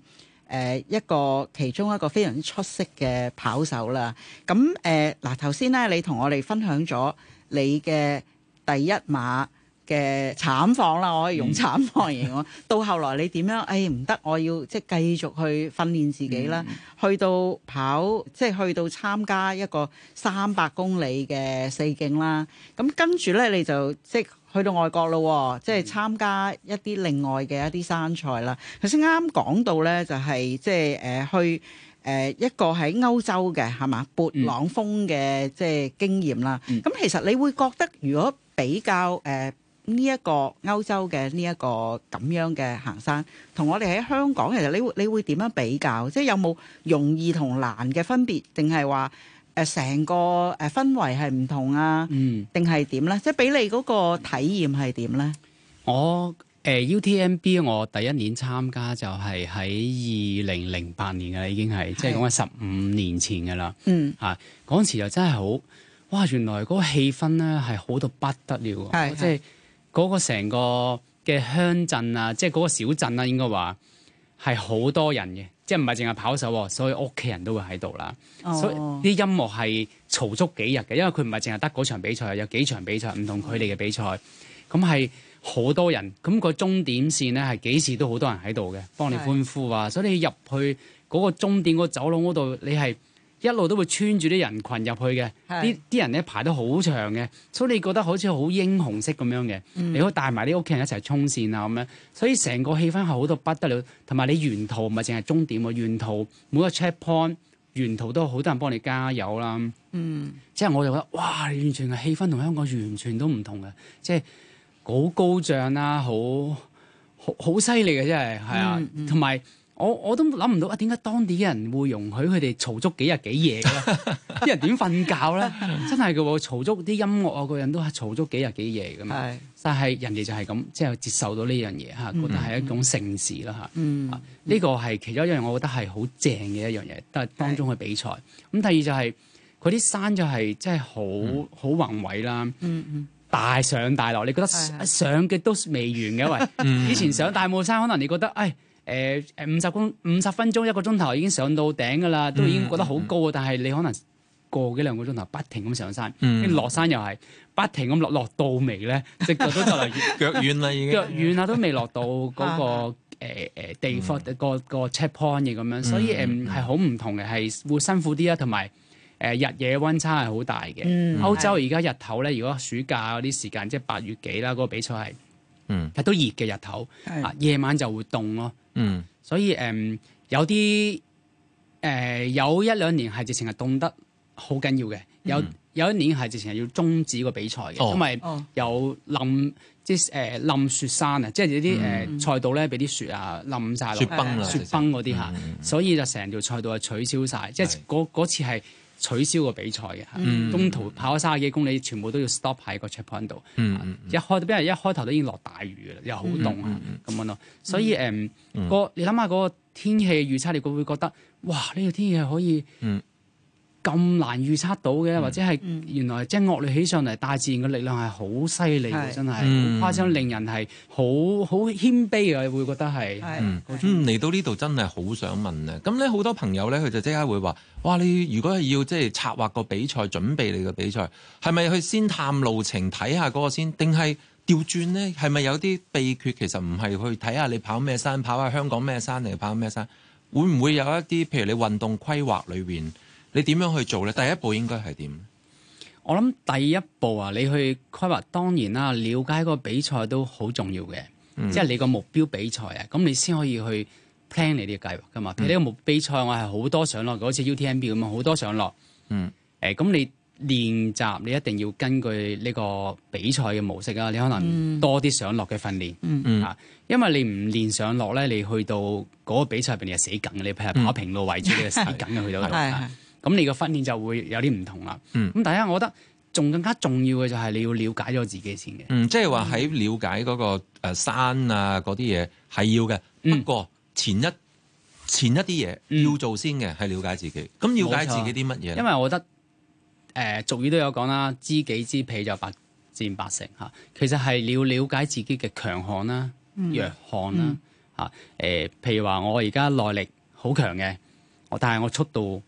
A: 誒一個其中一個非常之出色嘅跑手啦，咁誒嗱頭先咧，你同我哋分享咗你嘅第一馬嘅慘況啦，我可以用慘況形容。到後來你點樣？誒唔得，我要即係繼續去訓練自己啦，去到跑即係去到參加一個三百公里嘅四徑啦。咁跟住咧，你就即去到外國咯，即係參加一啲另外嘅一啲山賽啦。頭先啱啱講到咧、就是，就係即係誒、呃、去誒、呃、一個喺歐洲嘅係嘛勃朗峰嘅即係經驗啦。咁、嗯、其實你會覺得如果比較誒呢一個歐洲嘅呢一個咁樣嘅行山，同我哋喺香港，其實你會你會點樣比較？即係有冇容易同難嘅分別，定係話？誒成個誒氛圍係唔同啊，定係點咧？即係俾你嗰個體驗係點咧？我
D: 誒、呃、UTMB 我第一年參加就係喺二零零八年嘅啦，已經係即係講緊十五年前嘅啦。嗯，嗰陣、啊、時就真係好哇！原來嗰個氣氛咧係好到不得了嘅，是是即係嗰個成個嘅鄉鎮啊，即係嗰個小鎮啊，應該話係好多人嘅。即係唔係淨係跑手，所以屋企人都會喺度啦。Oh. 所以啲音樂係嘈足幾日嘅，因為佢唔係淨係得嗰場比賽，有幾場比賽唔同佢哋嘅比賽。咁係好多人，咁個終點線咧係幾時都好多人喺度嘅，幫你歡呼啊！Oh. 所以你入去嗰個終點個走廊嗰度，你係。一路都會穿住啲人群入去嘅，啲啲人咧排得好長嘅，所以你覺得好似好英雄式咁樣嘅，嗯、你可以帶埋啲屋企人一齊衝線啊咁樣，所以成個氣氛係好到不得了，同埋你沿途唔係淨係終點喎，沿途每個 checkpoint 沿途都好多人幫你加油啦，嗯，即係我就覺得哇，完全嘅氣氛同香港完全都唔同嘅，即係好高漲啦，好好犀利嘅真係，係啊，同埋、嗯。嗯。我我都諗唔到啊！點解當地嘅人會容許佢哋嘈足幾日幾夜嘅咧？啲 人點瞓覺咧？真係嘅喎！嘈足啲音樂啊，個人都係嘈足幾日幾夜嘅嘛。但係人哋就係咁，即係接受到呢樣嘢嚇，覺得係一種盛事啦嚇。嗯，呢個係其中一樣，我覺得係好正嘅一樣嘢。得當中嘅比賽咁，第二就係佢啲山就係真係好好宏偉啦，嗯。嗯
E: 嗯，
D: 大上大落，你覺得上嘅都未完嘅因為。以前上大帽山，可能你覺得誒。哎誒誒五十公五十分鐘一個鐘頭已經上到頂㗎啦，都已經覺得好高啊！但係你可能個幾兩個鐘頭不停咁上山，跟住落山又係不停咁落，落到尾咧，直頭
E: 都就嚟腳軟啦，已經腳
D: 軟啦，都未落到嗰個誒地方個個 checkpoint 嘅咁樣，所以誒係好唔同嘅，係會辛苦啲啊，同埋誒日夜溫差係好大嘅。歐洲而家日頭咧，如果暑假嗰啲時間，即係八月幾啦，嗰個比賽係嗯係都熱嘅日頭，啊夜晚就會凍咯。嗯，所以誒有啲誒、呃、有一兩年係直情係凍得好緊要嘅，有有一年係直情係要中止個比賽嘅，哦、因為有冧即係誒冧雪山啊，嗯、即係啲誒賽道咧俾啲雪啊冧晒，落雪崩雪崩嗰啲吓，所以就成條賽道啊取消晒，即係嗰次係。取消個比賽嘅，中、嗯、途跑咗三十幾公里，全部都要 stop 喺個 checkpoint 度、嗯。啊、一開邊係一開頭都已經落大雨嘅啦，嗯、又好凍啊咁樣咯。嗯、所以誒，嗯那個你諗下嗰個天氣預測，你會唔會覺得哇，呢個天氣可以。嗯咁難預測到嘅，或者係原來、嗯、即係惡劣起上嚟，大自然嘅力量係好犀利，真係好誇張，令人係好好謙卑呀，你會覺得係。
B: 嗯，嚟到呢度真係好想問啊！咁咧好多朋友咧，佢就即刻會話，哇！你如果係要即係策劃個比賽，準備你嘅比賽，係咪去先探路程睇下嗰個先？定係調轉呢？係咪有啲秘訣？其實唔係去睇下你跑咩山，跑下香港咩山，定跑咩山？會唔會有一啲譬如你運動規劃裡邊？裡你點樣去做咧？第一步應該係點？我諗第一步啊，你去規劃當然啦，了解個比賽都好重要
D: 嘅，嗯、即係你個目標比賽啊，咁你先可以去 plan 你啲計劃噶嘛。譬如呢個目比賽，我係、嗯、好多上落，好似 UTMB 咁樣好多上落。嗯。咁、欸、你練習你一定要根據呢個比賽嘅模式啊，嗯、你可能多啲上落嘅訓練。嗯、啊，因為你唔練上落咧，你去到嗰個比賽入邊係死梗，你譬如跑平
B: 路為主，你就死梗去到度。<笑><笑> 嗯
D: 咁你嘅訓練就會有啲唔同啦。咁第一，但我覺得仲更加重要嘅就係你要了解咗自己先嘅。
B: 嗯，即係話喺了解嗰個山啊嗰啲嘢係要嘅。嗯、不過前一前一啲嘢要做先嘅係了解自己。咁了、嗯、解自己啲乜嘢？因為
D: 我覺得誒、呃、俗語都有講啦，知己知彼就百戰百勝嚇。其實係了了解自己嘅強項啦、
E: 嗯、弱
D: 項啦嚇。誒、嗯嗯呃，譬如話我而家耐力好強嘅，我但係我速度，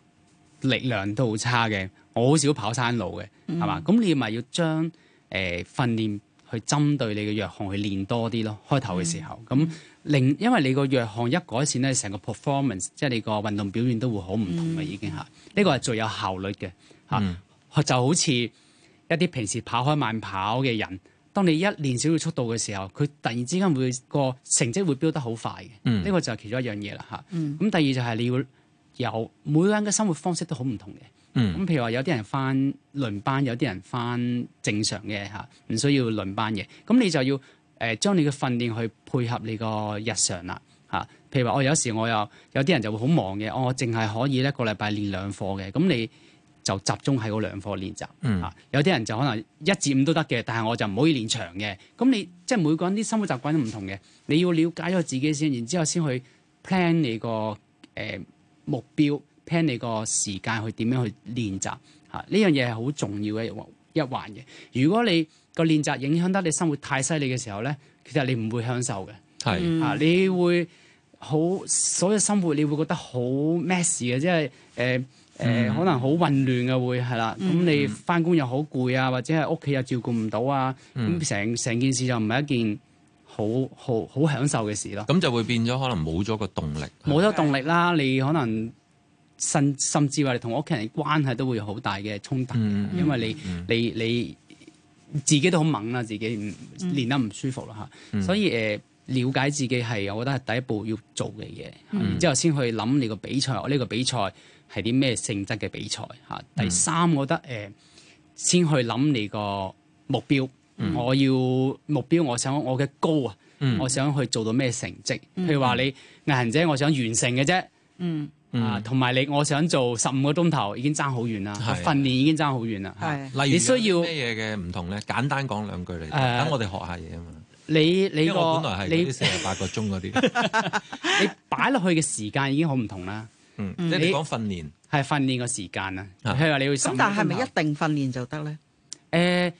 D: 力量都好差嘅，我好少跑山路嘅，係嘛？咁你咪要將誒訓練去針對你嘅弱項去練多啲咯。開頭嘅時候，咁另因為你個弱項一改善咧，成個 performance 即係你個運動表現都會好唔同嘅。已經吓呢個係最有效率嘅吓，就好似一啲平時跑開慢跑嘅人，當你一練少少速度嘅時候，佢突然之間會個成績會飆得好快嘅。呢個就係其中一樣嘢啦吓。咁第二就係你要。有每個人嘅生活方式都好唔同嘅，咁、嗯、譬如話有啲人返輪班，有啲人返正常嘅嚇，唔需要輪班嘅。咁你就要誒、呃、將你嘅訓練去配合你個日常啦嚇。譬如話我、哦、有時我又有啲人就會好忙嘅、哦，我淨係可以一個禮拜練兩課嘅，咁你就集中喺嗰兩課練習嚇、嗯啊。有啲人就可能一至五都得嘅，但係我就唔可以練長嘅。咁你即係每個人啲生活習慣都唔同嘅，你要了解咗自己先，然之後先去 plan 你個誒。呃目標 plan 你個時間去點樣去練習嚇，呢樣嘢係好重要嘅一環嘅。如果你個練習影響得你生活太犀利嘅時候咧，其實你唔會享受嘅。係嚇、啊，你會好所有生活你會覺得好 mess 嘅，即係誒誒可能好混亂嘅會係啦。咁你返工又好攰啊，或者係屋企又照顧唔到啊。咁成成件事就唔係一件。好好好享受嘅事咯，
B: 咁就會變咗可能冇咗個動力，
D: 冇咗動力啦。你可能甚甚至話，你同屋企人關係都會有好大嘅衝突，嗯、因為你、嗯、你你，你自己都好猛啦，自己練、嗯、得唔舒服啦嚇。嗯、所以誒，瞭、呃、解自己係我覺得係第一步要做嘅嘢，嗯、然之後先去諗你比、嗯、個比賽，我呢個比賽係啲咩性質嘅比賽嚇。第三，我覺得誒，先去諗你個目標。我要目標，我想我嘅高啊，我想去做到咩成績？譬如話你毅行者，我想完成嘅啫。
E: 嗯，
D: 啊，同埋你我想做十五個鐘頭已經爭好遠啦，訓練已經爭好遠啦。係，你
B: 需要咩嘢嘅唔同咧？簡單講兩句嚟，等我哋學下嘢啊嘛。你你個你四十八個鐘嗰啲，你擺落去嘅時間已經好唔同啦。
D: 即係你講訓練係訓練個時間啊。譬如話你要咁，但係咪一
A: 定訓練就得咧？誒。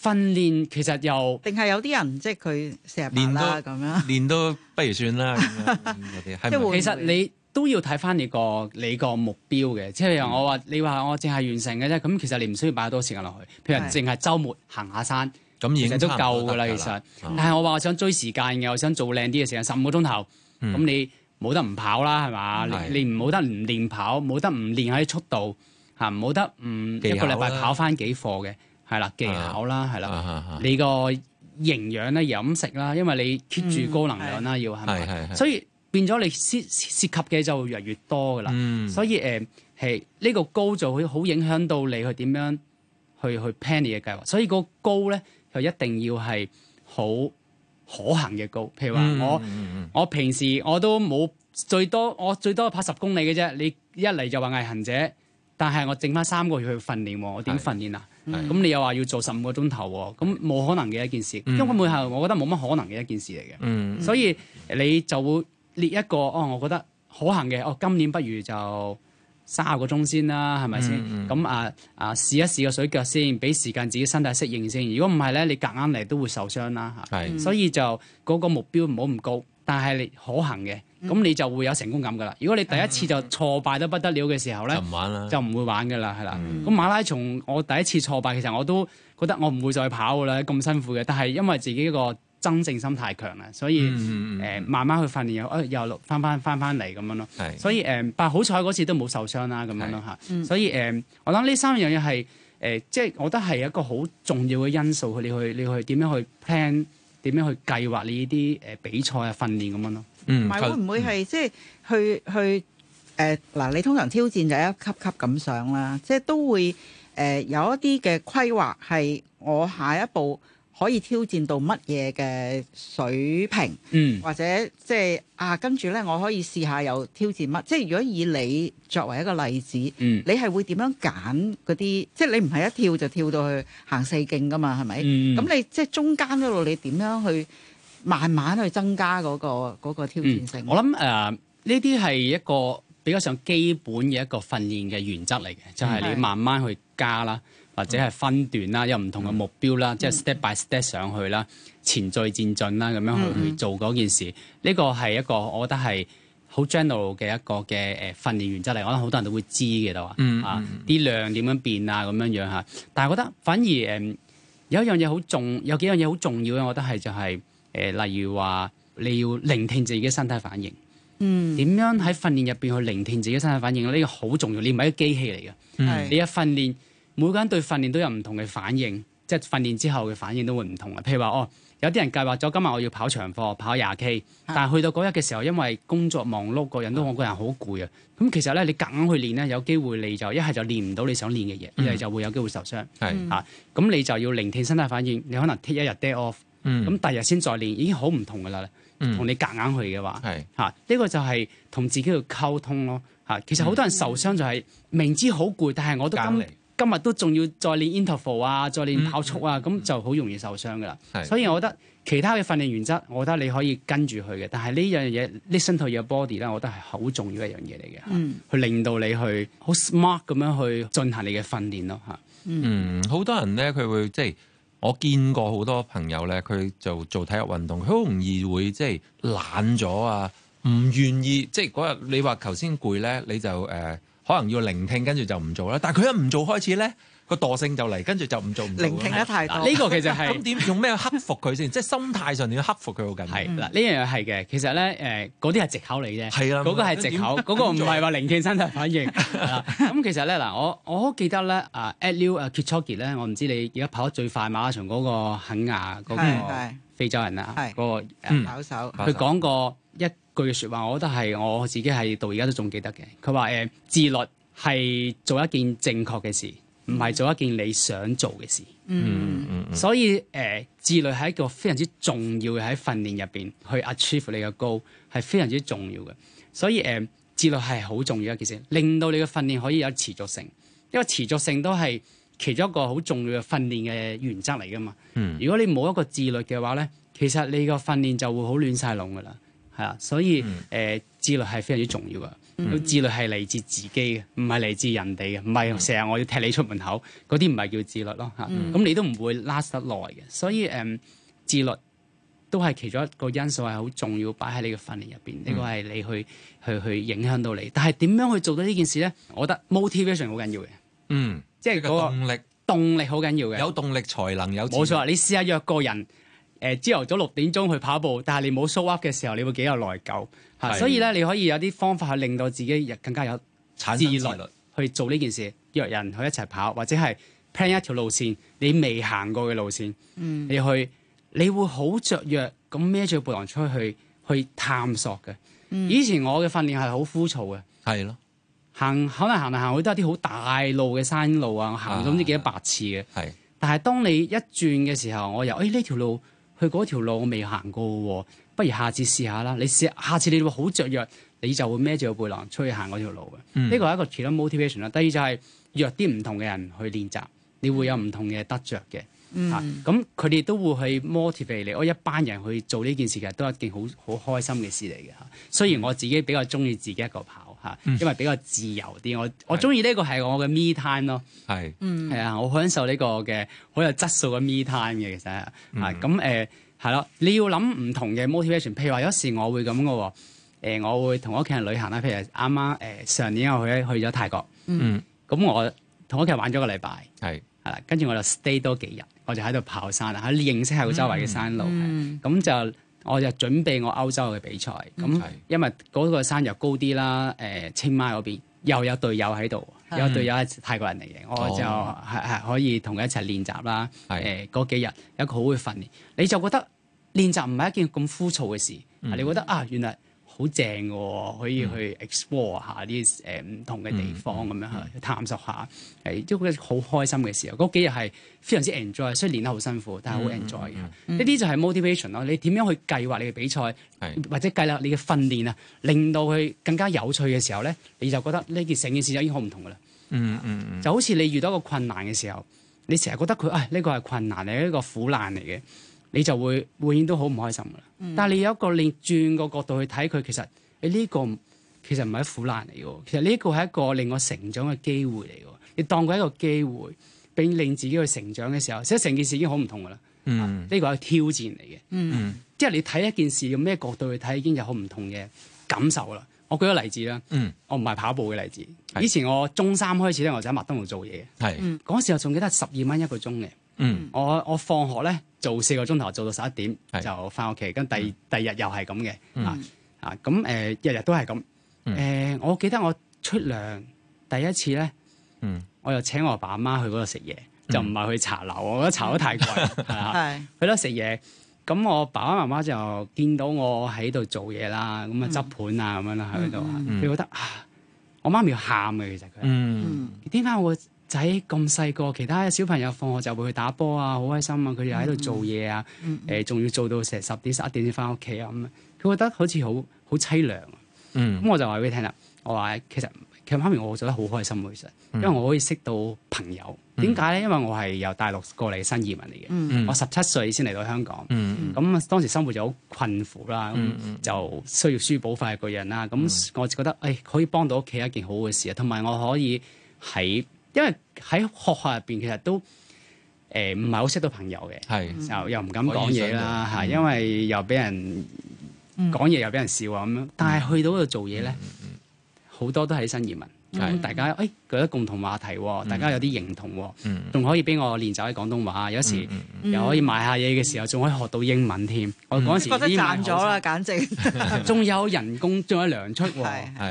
A: 訓練其實又，定係有啲人即係佢成日練
D: 啦，咁
B: 樣，練都不如算啦咁樣，嗰係，其實你
D: 都要睇翻你個你個目標嘅。即係我話你話我淨係完成嘅啫，咁其實你唔需要擺多時間落去。譬如淨係周末行下山，咁其實都夠㗎啦。其實，但係我話我想追時間嘅，我想做靚啲嘅時間，十五個鐘頭，咁你冇得唔跑啦，係嘛？你你唔冇得唔練跑，冇得唔練喺速度嚇，冇得
E: 唔一個禮拜跑
D: 翻幾課嘅。係啦，技巧啦，係啦，uh, uh, uh, 你個營養咧、飲食啦，因為你 keep 住高能量啦，嗯、要係咪？係係，所以變咗你涉涉及嘅就越來越多噶啦。嗯、所以誒係呢個高就會好影響到你去點樣去去 plan 你嘅計劃。所以個高咧就一定要係好可行嘅高，譬如話我、嗯、我平時我都冇最多我最多跑十公里嘅啫。你一嚟就話毅行者，但係我剩翻三個月去訓練喎，我點訓練啊？咁、嗯、你又話要做十五個鐘頭喎？咁冇可能嘅一件事，嗯、因為每下我覺得冇乜可能嘅一件事嚟
E: 嘅。嗯嗯、所以
D: 你就會列一個哦，我覺得可行嘅哦，今年不如就卅個鐘先啦，係咪先？咁、嗯嗯、啊啊試一試個水腳先，俾時間自己身體適應先。如果唔係咧，你夾硬嚟都會受傷啦嚇。嗯、所以就嗰個目標唔好咁高，但係你可行嘅。咁你就會有成功感噶啦。如果你第一次就挫敗得不得了嘅時候咧，就唔玩，玩啦，就唔會玩噶啦，係、嗯、啦。咁馬拉松我第一次挫敗，其實我都覺得我唔會再跑噶啦，咁辛苦嘅。但係因為自己個增正心太強啦，所以誒、hmm, mm, mm. 慢慢去訓練又誒又返返返返嚟咁樣咯。所以誒，但係好彩嗰次都冇受傷啦，咁樣咯嚇。所以誒，hmm. uh, 我諗呢三樣嘢係誒，uh, 即係我覺得係一個好重要嘅因素 okay, ت, how, 你去你去點樣去 plan 點樣去計劃你啲誒比賽啊訓練咁樣咯。唔係、嗯、會唔
A: 會係、嗯、即係去去誒嗱、呃？你通常挑戰就一級級咁上啦，即係都會誒、呃、有一啲嘅規劃係我下一步可以挑戰到乜嘢嘅水平，嗯、或者即係啊跟住咧我可以試下又挑戰乜？即係如果以你作為一個例子，嗯、你係會點樣揀嗰啲？即係你唔係一跳就跳到去行四徑㗎嘛？係咪？咁、嗯、你即係中間嗰度你點樣去？慢慢去增加嗰個嗰個挑戰性。嗯、我
D: 諗誒呢啲係一個比較上基本嘅一個訓練嘅原則嚟嘅，嗯、就係你慢慢去加啦，或者係分段啦，嗯、有唔同嘅目標啦，嗯、即係 step by step 上去啦，嗯、循序漸進啦，咁樣去去做嗰件事。呢、嗯、個係一個我覺得係好 general 嘅一個嘅誒訓練原則嚟，我諗好多人都會知嘅都、嗯嗯、啊。啊、嗯，啲量點樣變啊，咁樣樣吓，但係覺得反而誒、嗯、有一樣嘢好重，有幾樣嘢好重要嘅，我覺得係就係、是。誒、呃，例如話你要聆聽自己身體反應，點、嗯、樣喺訓練入邊去聆聽自己身體反應？呢、這個好重要，你唔係一個機器嚟嘅。嗯、你一訓練每個人對訓練都有唔同嘅反應，即、就、係、是、訓練之後嘅反應都會唔同嘅。譬如話哦，有啲人計劃咗今日我要跑長課，跑廿 K，但係去到嗰日嘅時候，因為工作忙碌，個人都我個、嗯、人好攰啊。咁其實咧，你夾硬去練咧，有機會你就一係就練唔到你想練嘅嘢，一係就會有機會受傷。係啊，咁你就要聆聽身體反應，你可能 take 一日 day off。嗯，咁第日先再練，已經好唔同噶啦。嗯，同你夾硬去嘅話，係嚇呢個就係同自己去溝通咯。嚇，其實好多人受傷就係明知好攰，但係我都今今日都仲要再練 interval 啊，再練跑速啊，咁、嗯、就好容易受傷噶啦。所以我覺得其他嘅訓練原則，我覺得你可以跟住去嘅。但係呢樣嘢 listen to your body 咧，我覺得係好重要一樣嘢嚟
E: 嘅。
B: 去令到你去好 smart 咁樣去進行你嘅訓練咯。嚇，
E: 嗯，
B: 好多人咧佢會即係。即我見過好多朋友咧，佢就做,做體育運動，佢好容易會即係懶咗啊，唔願意即係嗰日你話頭先攰咧，你就誒、呃、可能要聆聽，跟住就唔做啦。但係佢一唔做開始咧。個惰性就嚟，跟住就唔做唔。聆聽得太多，呢個其實係咁點用咩克服佢先？即係心態上你要克服佢好緊要。
D: 係嗱，呢樣嘢係嘅。其實咧，誒嗰啲係藉口嚟啫。係啊，嗰個係藉口，嗰個唔係話聆聽身體反應。咁其實咧嗱，我我好記得咧啊，Eliud 啊，Kipchoge 咧，我唔知你而家跑得最快馬拉松嗰個肯亞嗰個非洲人啊，嗰個
A: 跑手，佢講
D: 過一句説話，我覺得係我自己係到而家都仲記得嘅。佢話誒自律係做一件正確嘅事。唔係做一件你想做嘅事，嗯，所以誒，自律係一個非常之重要嘅。喺訓練入邊去 achieve 你嘅 goal，係非常之重要嘅。所以誒，自律係好重要一件事，其實令到你嘅訓練可以有持續性，因為持續性都係其中一個好重要嘅訓練嘅原則嚟噶嘛。嗯，如果你冇一個自律嘅話咧，其實你個訓練就會好亂晒龍噶啦，係啊，所以誒，自律係非常之重要啊。自律係嚟自自己嘅，唔係嚟自人哋嘅，唔係成日我要踢你出門口，嗰啲唔係叫自律咯嚇。咁、嗯嗯、你都唔會 last 得耐嘅，所以誒自律都係其中一個因素係好重要，擺喺你嘅訓練入邊。呢個係你去去去影響到你。但係點樣去做到呢件事咧？我覺得 motivation 好緊要嘅。嗯，即係嗰個動力，動力好緊要嘅。有動力才能有。冇錯，你試下約個人誒朝頭早六點鐘去跑步，但係你冇 show up 嘅時候，你會幾有內疚。所以咧，你可以有啲方法去令到自己日更加有自律，產自律，去做呢件事，約人去一齊跑，或者係 plan 一條路線，你未行過嘅路線，嗯、你去，你會好雀躍咁孭住背囊出去去探索嘅。嗯、以前我嘅訓練係好枯燥嘅，係咯，行可能行嚟行去都係啲好大路嘅山路啊，我行唔到唔知幾多百次嘅。係、啊，但係當你一轉嘅時候，我又，誒呢條路去嗰條路，條路我未行過喎。不如下次試下啦，你試下，下次你會好雀躍，你就會孭住個背囊出去行嗰條路嘅。呢個係一個其他 motivation 啦。第二就係約啲唔同嘅人去練習，你會有唔同嘅得着嘅
E: 嚇。
D: 咁佢哋都會去 motivate 你。我一班人去做呢件事其實都係一件好好開心嘅事嚟嘅嚇。雖然我自己比較中意自己一個跑嚇、啊，因為比較自由啲。我我中意呢個係我嘅 me time 咯、啊。係，係、嗯、啊，我享受呢個嘅好有質素嘅 me time 嘅其實嚇咁誒。啊啊啊嗯嗯係咯，你要諗唔同嘅 motivation，譬如話有時我會咁嘅喎，誒我會同屋企人旅行啦，譬如啱啱誒上年我去去咗泰國，嗯，咁我同屋企人玩咗個禮拜，係，係啦，跟住我就 stay 多幾日，我就喺度跑山啦，嚇，認識下個周圍嘅山路，嗯，咁就我就準備我歐洲嘅比賽，咁、嗯嗯、因為嗰個山又高啲啦，誒青馬嗰邊又有隊友喺度。有一隊友係泰國人嚟嘅，我就係係、oh. 可以同佢一齊練習啦。誒嗰、oh. 呃、幾日，有一個好好嘅訓練，你就覺得練習唔係一件咁枯燥嘅事，mm. 你覺得啊，原來。好正嘅，可以去 explore 下啲誒唔同嘅地方咁樣去探索下，即係好開心嘅時候。嗰幾日係非常之 enjoy，雖然練得好辛苦，但係好 enjoy 嘅。呢啲、嗯嗯、就係 motivation 咯。你點樣去計劃你嘅比賽，或者計劃你嘅訓練啊，令到佢更加有趣嘅時候咧，你就覺得呢件成件事已經好唔同㗎啦、嗯。
E: 嗯嗯就
D: 好似你遇到一個困難嘅時候，你成日覺得佢，哎，呢、呢個係困難，係、呢個、一個苦難嚟嘅。你就會永遠都好唔開心噶啦，但係你有一個令轉個角度去睇佢，其實你呢、哎這個其實唔係苦難嚟嘅，其實呢個係一個令我成長嘅機會嚟嘅。你當佢一個機會並令自己去成長嘅時候，所以成件事已經好唔同噶啦。呢、嗯啊這個係挑戰嚟嘅，嗯嗯、即係你睇一件事用咩角度去睇，已經有好唔同嘅感受啦。我舉個例子啦，嗯、我唔係跑步嘅例子。以前我中三開始咧，嗯、我就喺麥當勞做嘢，嗰時候仲記得十二蚊一個鐘嘅。嗯，mm. 我我放學咧做四個鐘頭，做到十一點就翻屋企。跟第二第二日又係咁嘅，啊啊咁誒日日都係咁。誒、mm. 呃，我記得我出糧第一次咧，mm. 我又請我爸媽去嗰度食嘢，就唔係去茶樓，我覺得茶樓太貴。係 、啊、去咗食嘢，咁、啊、我爸爸媽媽就見到我喺度做嘢啦，咁啊執盤啊咁樣啦喺度，佢、mm. mm. 覺得、啊、我媽咪要喊嘅其實佢，點解我會？仔咁細個，其他小朋友放學就會去打波啊，好開心啊。佢哋喺度做嘢啊，誒、嗯，仲、嗯、要做到成十點十一點先翻屋企啊。咁佢覺得好似好好凄涼咁、嗯、我就話俾佢聽啦，我話其實其實媽咪我做得好開心。其實因為我可以識到朋友，點解咧？因為我係由大陸過嚟嘅新移民嚟
E: 嘅，我十
D: 七歲先嚟到香港，咁、嗯、當時生活就好困苦啦，嗯嗯、就需要書簿費嗰人啦。咁我就覺得誒、哎、可以幫到屋企一件好嘅事啊，同埋我可以喺。因為喺學校入邊其實都誒，唔係好識到朋友嘅，係，又唔敢講嘢啦吓，嗯、因為又俾人講嘢又俾人笑啊咁樣，嗯、但係去到度做嘢咧，好、嗯、多都係新移民。大家誒，有啲共同話題，大家有啲認同，仲可以俾我練習喺廣東話，有時又可以買下嘢嘅時候，仲可以學到英文添。我嗰時覺得賺咗啦，簡直，仲有人工，仲有糧出。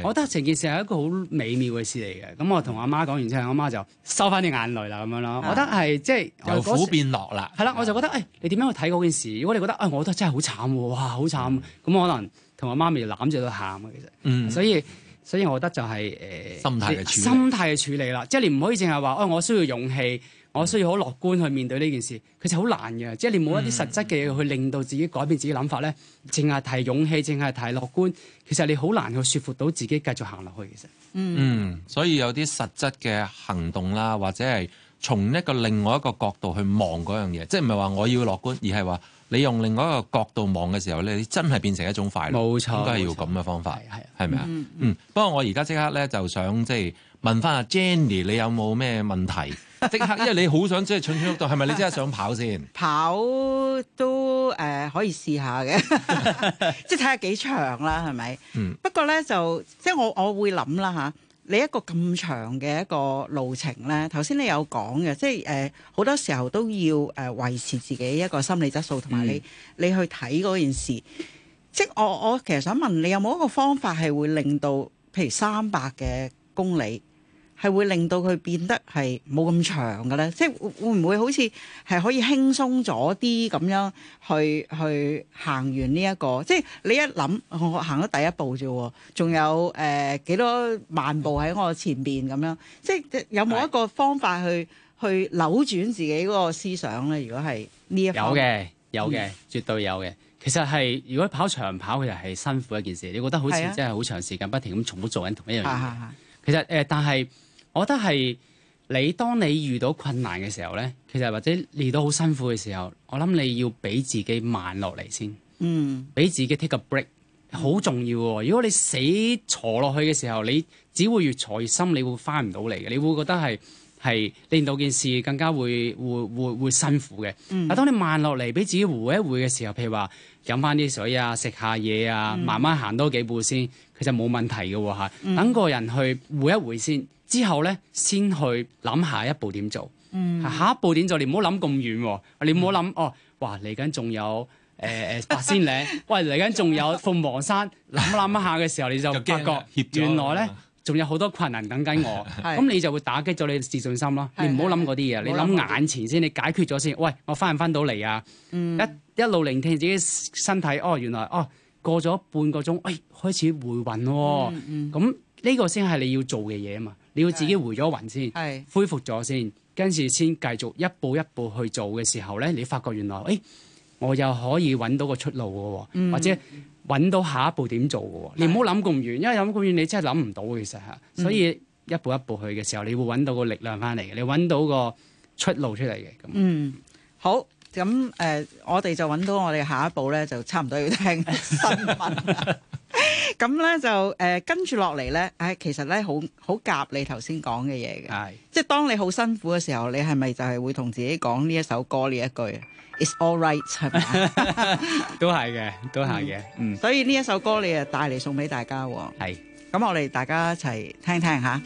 D: 我覺得成件事係一個好美妙嘅事嚟嘅。咁我同阿媽講完之後，我媽就收翻啲眼淚啦，咁樣咯。我覺得係即係由苦變樂啦。係啦，我就覺得誒，你點樣去睇嗰件事？如果你覺得誒，我都真係好慘，哇，好慘，咁可能同阿媽咪攬住都喊嘅其實。嗯。所以。所以，我覺得就係、是、誒、呃、心態嘅處理，心態嘅處理啦。即係你唔可以淨係話，哦、哎，我需要勇氣，我需要好樂觀去面對呢件事，佢就好難嘅。即係你冇一啲實質嘅嘢去令到自己改變自己諗法咧，淨係、嗯、提勇氣，淨係提樂觀，其實你好難去説服到自己繼續行落去嘅。其實，嗯，嗯，
B: 所以有啲實質嘅行動啦，或者係從一個另外一個角度去望嗰樣嘢，即係唔係話我要樂觀，而係話。你用另外一個角度望嘅時候咧，你真係變成一種快樂。冇錯，應該係要咁嘅方法，係啊，係咪啊？嗯，不過我而家即刻咧就想即係問翻阿 Jenny，你有冇咩問題？即刻，因為你好想即係蠢蠢欲動，係咪？你即刻想跑先？
A: 跑都誒可以試下嘅，即係睇下幾長啦，係咪？嗯。不過咧就即係我我會諗啦嚇。你一個咁長嘅一個路程咧，頭先你有講嘅，即係誒好多時候都要誒、呃、維持自己一個心理質素，同埋你、嗯、你去睇嗰件事，即我我其實想問你有冇一個方法係會令到，譬如三百嘅公里，係會令到佢變得係冇咁長嘅咧，即係會唔會好似係可以輕鬆咗啲咁樣去去行完呢、這、一個？即係你一諗，我行咗第一步啫喎，仲有誒、呃、幾多萬步喺我前邊咁樣？即係有冇一個方法去去扭轉自己嗰個思想咧？如果係呢，一有嘅，
D: 有嘅，嗯、絕對有嘅。其實係如果跑長跑其實係辛苦一件事，你覺得好似真係好長時間不停咁重複做緊同一樣嘢。其實誒、呃，但係。我覺得係你當你遇到困難嘅時候咧，其實或者嚟到好辛苦嘅時候，我諗你要俾自己慢落嚟先，嗯，俾自己 take 個 break，好、嗯、重要喎、哦。如果你死坐落去嘅時候，你只會越坐越深，你會翻唔到嚟嘅，你會覺得係係令到件事更加會會會會辛苦嘅。嗯、但係當你慢落嚟，俾自己緩一緩嘅時候，譬如話飲翻啲水啊，食下嘢啊，啊嗯、慢慢行多幾步先，其實冇問題嘅嚇、哦。嗯、等個人去緩一緩先。之後咧，先去諗下一步點做。嗯，下一步點做？你唔好諗咁遠喎。你唔好諗哦，哇！嚟緊仲有誒誒白仙嶺，喂嚟緊仲有鳳凰山。諗一諗一下嘅時候，你就發覺原來咧，仲有好多困難等緊我。咁你就會打擊咗你自信心咯。你唔好諗嗰啲嘢，你諗眼前先，你解決咗先。喂，我翻唔翻到嚟啊？一一路聆聽自己身體，哦原來哦過咗半個鐘，哎開始回魂喎。咁呢個先係你要做嘅嘢啊嘛。你要自己回咗魂先，恢復咗先，跟住先繼續一步一步去做嘅時候咧，你發覺原來，誒、欸，我又可以揾到個出路嘅喎，嗯、或者揾到下一步點做嘅喎。你唔好諗咁遠，因為諗咁遠你真係諗唔到嘅。其實係。所以、嗯、一步一步去嘅時候，你會揾到個力量翻嚟嘅，你揾到個出路出嚟嘅。嗯，
A: 好，咁誒、呃，我哋就揾到我哋下一步咧，就差唔多要聽新聞。咁咧就誒跟住落嚟咧，誒其實咧好好夾你頭先講嘅嘢嘅，係即係當你好辛苦嘅時候，你係咪就係會同自己講呢一首歌呢一句？It's all right 係咪？
D: 都係嘅，都係嘅，嗯。
A: 所以呢一首歌你就帶嚟送俾大家喎。係，咁我哋大家一齊聽聽吓。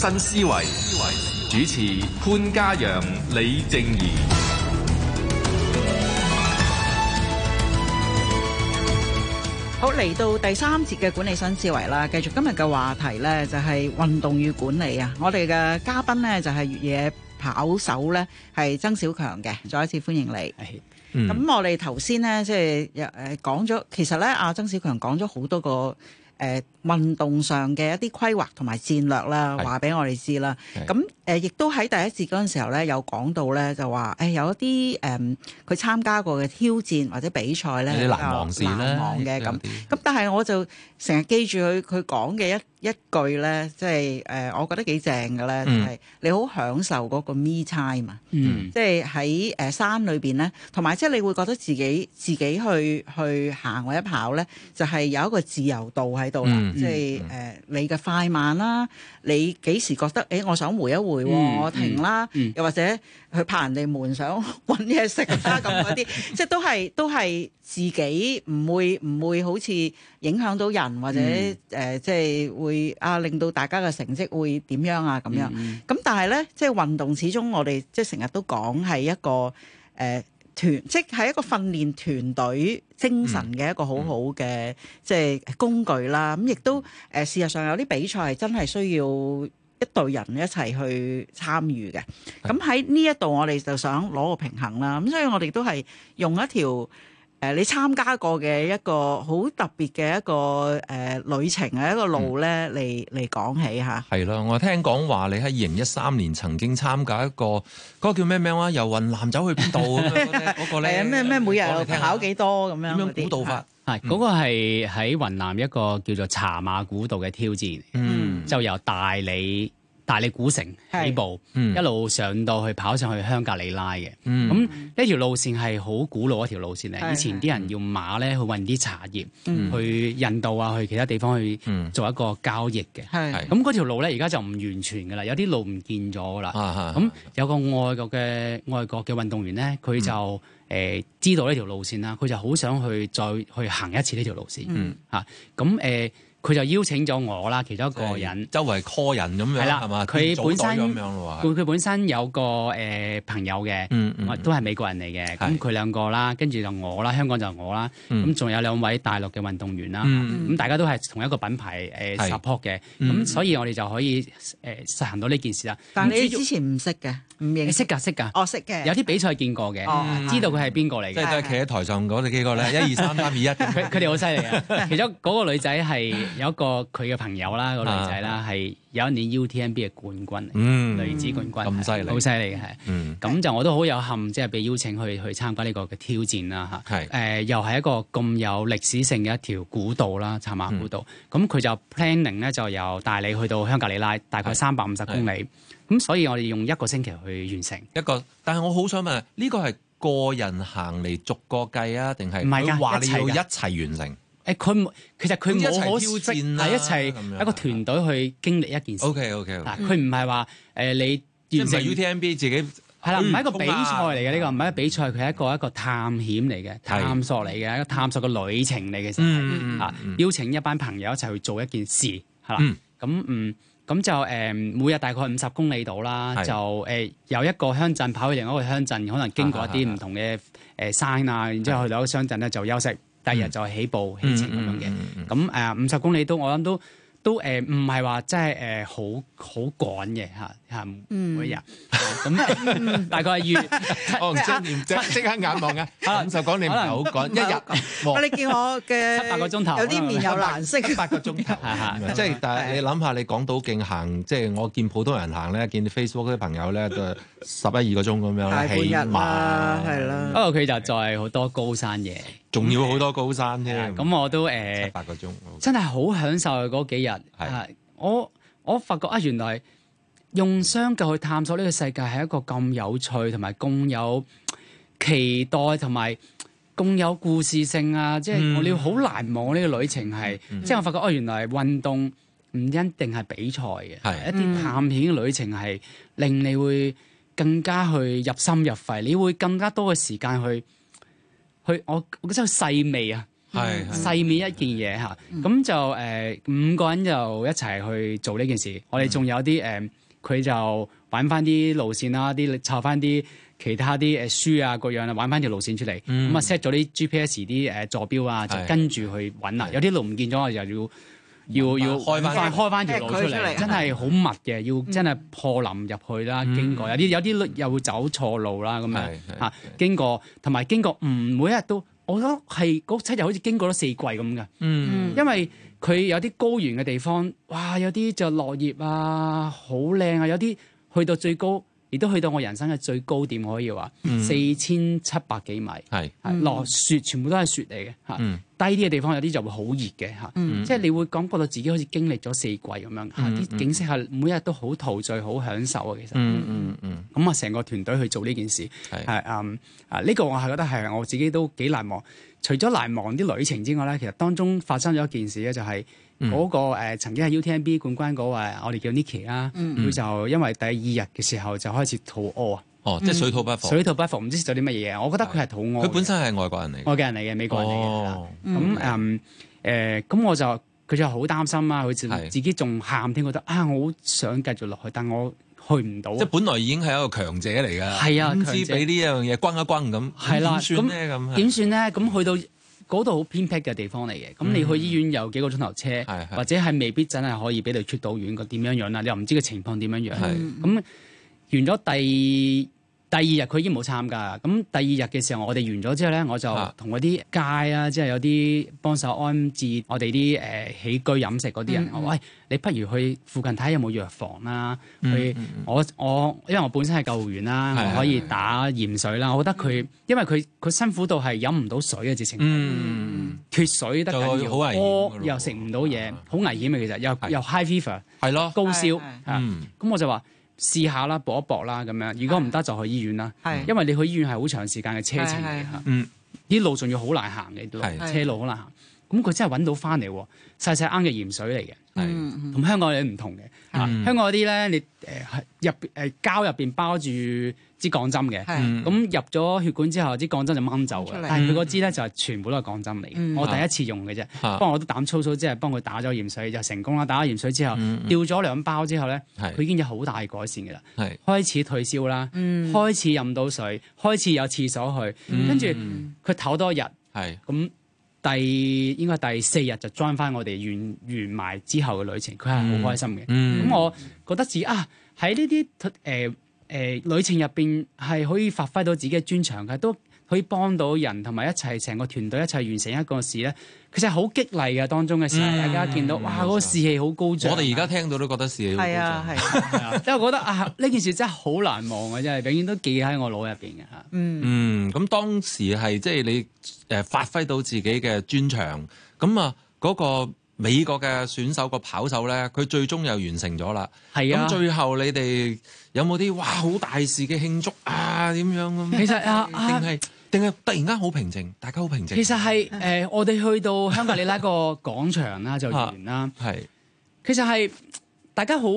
C: 新思維，主持潘嘉陽、李靜宜，
A: 好，嚟到第三節嘅管理新思維啦！繼續今日嘅話題呢，就係運動與管理啊！我哋嘅嘉賓呢，就係越野跑手呢，係曾小強嘅，再一次歡迎你。
E: 咁、
G: 嗯、
A: 我哋頭先呢，即係誒講咗，其實呢，阿曾小強講咗好多個。誒、呃、運動上嘅一啲規劃同埋戰略啦，話俾我哋知啦。咁誒亦都喺第一節嗰陣時候咧，有講到咧，就話誒、呃、有啲誒佢參加過嘅挑戰或者比賽咧，難忘事咧，難忘嘅咁。咁但係我就成日記住佢佢講嘅一一句咧，即係誒，我覺得幾正嘅咧，就係、是嗯、你好享受嗰個 me time 嘛、嗯。即係喺誒山裏邊咧，同埋即係你會覺得自己自己去去行或者跑咧，就係有一個自由度喺度、嗯嗯、即係誒、呃，你嘅快慢啦，你幾時覺得誒、欸，我想回一回，我停啦，嗯嗯、又或者去拍人哋門，想搵嘢食啦，咁嗰啲，即係都係都係自己，唔會唔會好似影響到人，或者誒、嗯呃，即係會啊，令到大家嘅成績會點樣啊，咁樣。咁、嗯嗯、但係咧，即係運動始終我，我哋即係成日都講係一個誒。呃團即係一個訓練團隊精神嘅一個好好嘅、嗯、即係工具啦，咁亦、嗯、都誒事實上有啲比賽係真係需要一隊人一齊去參與嘅，咁喺呢一度我哋就想攞個平衡啦，咁、嗯、所以我哋都係用一條。誒，你參加過嘅一個好特別嘅一個誒旅程啊，一個路咧嚟嚟講起吓。
B: 係咯，我聽講話你喺二零一三年曾經參加一個嗰、那個叫咩名話？由雲南走去邊度、那個？嗰
A: 個咧咩咩每日考幾多咁樣？古道法係
B: 嗰、啊嗯、個係喺雲南一個叫做茶
D: 馬古道嘅挑戰，嗯、就由大理。大理古城起步，一路上到去跑上去香格里拉嘅。咁呢條路線係好古老一條路線咧，以前啲人用馬咧去運啲茶葉，去印度啊，去其他地方去做一個交易嘅。咁嗰條路咧，而家就唔完全噶啦，有啲路唔見咗噶啦。咁有個外國嘅外國嘅運動員咧，佢就誒知道呢條路線啦，佢就好想去再去行一次呢條路線。嗯，吓，咁誒。佢就邀請咗我啦，其中一個人，周圍 call 人咁樣，係啦，係咪？佢本身佢佢本身有個誒朋友嘅，都係美國人嚟嘅，咁佢兩個啦，跟住就我啦，香港就我啦，咁仲有兩位大陸嘅運動員啦，咁大家都係同一個品牌誒 support 嘅，咁所以我哋就可以誒實行到呢件事啦。但你之
A: 前唔識嘅？唔認識？識㗎識㗎，我識嘅，有啲
D: 比賽見過嘅，知道佢係邊
B: 個嚟嘅。即係都係企喺台上，嗰啲幾個咧，一二三，三二一，佢哋好犀利啊！其中嗰個女仔係。有
D: 一個佢嘅朋友啦，個女仔啦，係有一年 UTMB 嘅冠軍，女子冠軍，咁犀利，好犀利嘅係。咁就我都好有幸，即係被邀請去去參加呢個嘅挑戰啦，吓。誒，又係一個咁有歷史性嘅一條古道啦，茶馬古道。咁佢就 planning 咧，就由大理去到香格里拉，大概三百五十公里。咁所以我哋用一個
B: 星期去完成一個。但係我好想問，呢個係個人行嚟，逐個計啊，定係佢話你要一齊完成？
D: 佢冇，其實佢冇可挑戰，係一齊一個團隊去經歷一件事。O K O K O K，佢唔係話誒你完成 U T M B 自己係啦，唔係一個比賽嚟嘅呢個，唔係一個比賽，佢係一個一個探險嚟嘅，探索嚟嘅，一個探索嘅旅程嚟嘅先嚇，邀請一班朋友一齊去做一件事，係啦，咁嗯咁就誒每日大概五十公里度啦，就誒由一個鄉鎮跑去另一個鄉鎮，可能經過一啲唔同嘅誒山啊，然之後去到一個鄉鎮咧就休息。第二日就起步起程咁樣嘅，咁誒五十公里都我諗都都誒唔係話真係誒好好趕嘅嚇。
B: 每日咁大概月，即刻眼望嘅。咁就講你唔係好講一日。
A: 你見我嘅七八個鐘頭，有啲面有藍色。八個鐘
B: 頭，即係但係你諗下，你港島勁行，即係我見普通人行咧，見 Facebook 啲朋友咧，都十一二個鐘咁樣。起碼大
D: 半日啦，係啦。不過佢就再好多高山嘢，
B: 仲要好多高山嘅。咁
D: 我都誒，七八個鐘，真係好享受嗰幾日。係我我發覺啊，原來。用雙腳去探索呢個世界係一個咁有趣同埋咁有期待同埋咁有故事性啊！即係我哋好難忘呢個旅程係，即係我發覺哦，原來運動唔一定係比賽嘅，一啲探險嘅旅程係令你會更加去入心入肺，你會更加多嘅時間去去我我覺得細味啊，細味一件嘢嚇。咁就誒五個人就一齊去做呢件事，我哋仲有啲誒。佢就玩翻啲路線啦，啲抄翻啲其他啲誒書啊，各樣啦，玩翻條路線出嚟，咁啊 set 咗啲 GPS 啲誒座標啊，就跟住去揾啊。有啲路唔見咗，我又要要要開翻開翻條路出嚟，真係好密嘅，要真係破林入去啦，經過有啲有啲又會走錯路啦，咁樣嚇經過，同埋經過唔每一日都，我覺得係嗰七日好似經過咗四季咁嘅，因為。佢有啲高原嘅地方，哇！有啲就落葉啊，好靚啊，有啲去到最高，亦都去到我人生嘅最高點可以話，四千七百幾米，係、嗯、落雪，全部都係雪嚟嘅嚇。嗯、低啲嘅地方有啲就會好熱嘅嚇，嗯嗯、即係你會感覺到自己好似經歷咗四季咁樣，嚇、嗯，啲、嗯、景色係每日都好陶醉，好享受啊！其實、嗯，嗯嗯嗯，咁啊，成個團隊去做呢件事係啊，啊呢、嗯呢個我係覺得係我自己都幾難忘。除咗難忘啲旅程之外咧，其實當中發生咗一件事咧、就係，就係嗰個曾經係 UTMB 冠軍嗰位，我哋叫 Nicky 啦。佢就因為第二日嘅時候就開始肚屙啊，哦，即係水土不服。嗯、水土不服，唔知食咗啲乜嘢，我覺得佢係肚屙，佢本身係外國人嚟，嘅，外國人嚟嘅，美國人嚟嘅，咁誒誒，咁我就佢就好擔心啊。佢自自己仲喊添，覺得啊，我好想繼續落去，但我。去唔到、啊，即
B: 係本來已經係一個強者嚟㗎啊，唔知俾、啊、呢樣嘢轟一轟咁，點算咧？咁點
D: 算咧？咁去到嗰度好偏僻嘅地方嚟嘅，咁、嗯、你去醫院有幾個鐘頭車，嗯、或者係未必真係可以俾你出到院嘅點樣樣啦？又唔知個情況點樣樣，咁、嗯、完咗第。第二日佢已經冇參加，咁第二日嘅時候，我哋完咗之後咧，我就同嗰啲街啊，即係有啲幫手安置我哋啲誒起居飲食嗰啲人。我話，喂，你不如去附近睇下有冇藥房啦。佢我我因為我本身係救護員啦，我可以打鹽水啦。我覺得佢因為佢佢辛苦到係飲唔到水嘅直情，嗯脫水得緊要，又又食唔到嘢，好危險嘅。其實又又 high fever，係咯高燒，咁我就話。試下啦，搏一搏啦，咁樣。如果唔得就去醫院啦，因為你去醫院係好長時間嘅車程嚟嚇，啲、嗯、路仲要好難行嘅都，車路好難行。咁佢真係揾到翻嚟，細細罌嘅鹽水嚟嘅。係同香港嗰啲唔同嘅，香港啲咧，你誒入誒膠入邊包住支鋼針嘅，咁入咗血管之後，支鋼針就掹走嘅。但係佢嗰支咧就係全部都係鋼針嚟嘅。我第一次用嘅啫，不過我都膽粗粗，即係幫佢打咗鹽水就成功啦。打咗鹽水之後，吊咗兩包之後咧，佢已經有好大改善嘅啦，開始退燒啦，開始飲到水，開始有廁所去，跟住佢唞多一日，咁。第應該第四日就 join 翻我哋完，完完埋之後嘅旅程，佢係好開心嘅。咁、嗯嗯、我覺得自己啊喺呢啲誒誒旅程入邊係可以發揮到自己嘅專長嘅，都。可以幫到人同埋一齊成個團隊一齊完成一個事咧，其實好激勵嘅當中嘅時候，嗯、大家見到、嗯、哇嗰、嗰個士氣好高漲。我哋而家聽到都覺得士氣好高漲。係啊係啊，因為我覺得啊呢件事真係好
B: 難忘嘅，真係永遠都記喺我腦入邊嘅嚇。
E: 嗯，
B: 咁、嗯、當時係即係你誒發揮到自己嘅專長，咁啊嗰個美國嘅選手、嗰個跑手咧，佢最終又完成咗啦。係啊，咁最後你哋有冇啲哇好大肆嘅慶祝啊點樣咁？其實啊啊。定係突然間好平靜，大家好平靜。其實
D: 係誒，我哋去到香格里拉個廣場啦，就完啦。係其實係大家好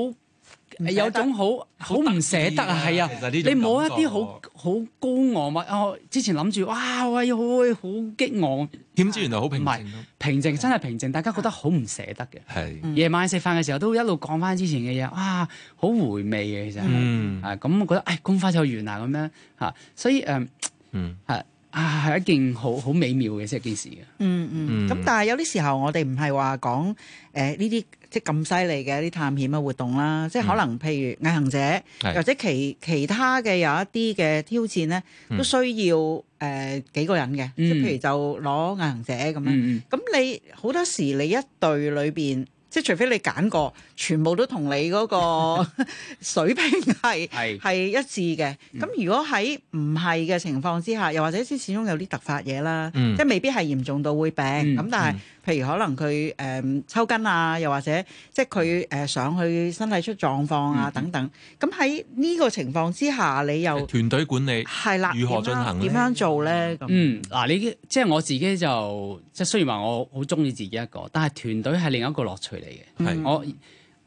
D: 有種好好唔捨得啊，係啊，你冇一啲好好高昂嘛。哦，之前諗住哇，哇好好激昂，點知原來好平靜。平靜真係平靜，大家覺得好唔捨得嘅。係夜晚食飯嘅時候都一路講翻之前嘅嘢，哇，好回味嘅其實係啊，咁我覺得誒，咁快就完啦咁樣嚇，所以誒。嗯，係、mm. 啊，係一件好好美妙嘅
A: 即係件事嘅。
E: 嗯嗯、mm，
D: 咁、hmm. 但
A: 係有啲時候我哋唔係話講誒呢啲即係咁犀利嘅啲探險嘅活動啦，即係可能譬如毅行者，mm hmm. 或者其其他嘅有一啲嘅挑戰咧，mm hmm. 都需要誒、呃、幾個人嘅，即係譬如就攞毅行者咁、mm hmm. 樣。咁你好多時你一隊裏邊。即係除非你揀過，全部都同你嗰個水平係係一致嘅。咁如果喺唔係嘅情況之下，又或者先始終有啲突發嘢啦，即係未必係嚴重到會病。咁但係，譬如可能佢誒抽筋啊，又或者即係佢誒上去身體出狀況啊等等。咁喺呢個情況之下，你又
B: 團隊管理係啦，如何進行咧？點樣
A: 做咧？咁
B: 嗯嗱，你
D: 即係我自己就即係雖然話我好中意自己一個，但係團隊係另一個樂趣。係，我未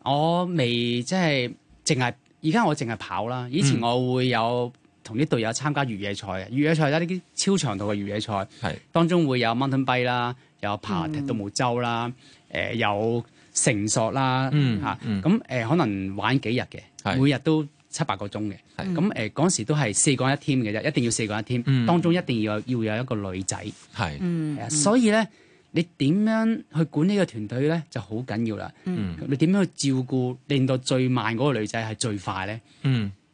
D: 我未即係，淨係而家我淨係跑啦。以前我會有同啲隊友參加越野賽，越野賽呢啲超長途嘅越野賽，係當中會有 mountain bike 啦，有爬獨木舟啦，誒有繩索啦，吓咁誒可能玩幾日嘅，每日都七八個鐘嘅，咁誒嗰時都係四個一 team 嘅啫，一定要四個一 team，當中一定要要有一個女仔，係，
E: 所以
D: 咧。你點樣去管理個團隊咧，就好緊要啦。你點樣去照顧，令到最慢嗰個女仔係最快咧？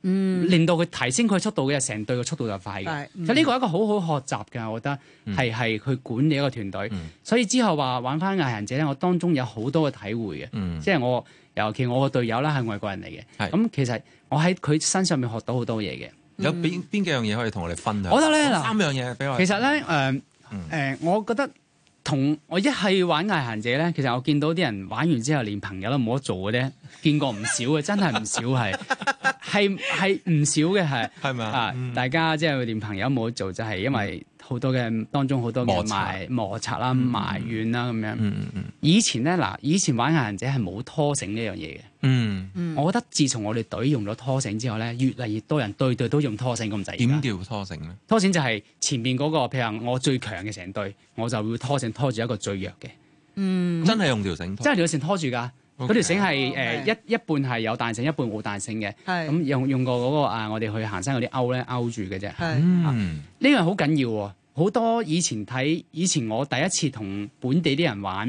D: 嗯，
E: 令
D: 到佢提升佢速度嘅，成隊嘅速度就快嘅。所以呢個係一個好好學習嘅，我覺得係係去管理一個團隊。所以之後話玩翻《毅行者》咧，我當中有好多嘅體會嘅，即係我尤其我個隊友啦係外國人嚟嘅。咁其實我喺佢身上面學到好多嘢嘅。有邊
B: 邊幾樣嘢可以同我哋分享？我覺得咧嗱，三樣嘢俾我。其實
D: 咧，誒誒，我覺得。同我一係玩《毅行者》咧，其實我見到啲人玩完之後，連朋友都冇得做嘅咧，見過唔少嘅，真係唔少，係係係唔少嘅，係啊，嗯、大家即係連朋友都冇得做，就係因為，嗯好多嘅，當中好多嘅埋摩擦啦埋怨啦咁、嗯、樣，以前咧嗱，以前玩硬人者係冇拖繩呢樣嘢嘅。嗯，我覺得自從我哋隊用咗拖繩之後咧，越嚟越多人對對都用拖繩咁仔。點叫拖繩咧？拖繩就係前面嗰，那個，譬如我最強嘅成隊，我就會拖繩拖住一個最弱嘅。
E: 嗯，真
D: 係用條繩，真係條繩拖住噶。嗰條繩係 <Okay. S 1>、呃、一一半係有彈性，一半冇彈性嘅。咁用用過嗰、嗰個啊，我哋去行山嗰啲勾咧勾住嘅啫。係，呢樣好緊要喎。好多以前睇，以前我第一次同本地啲人玩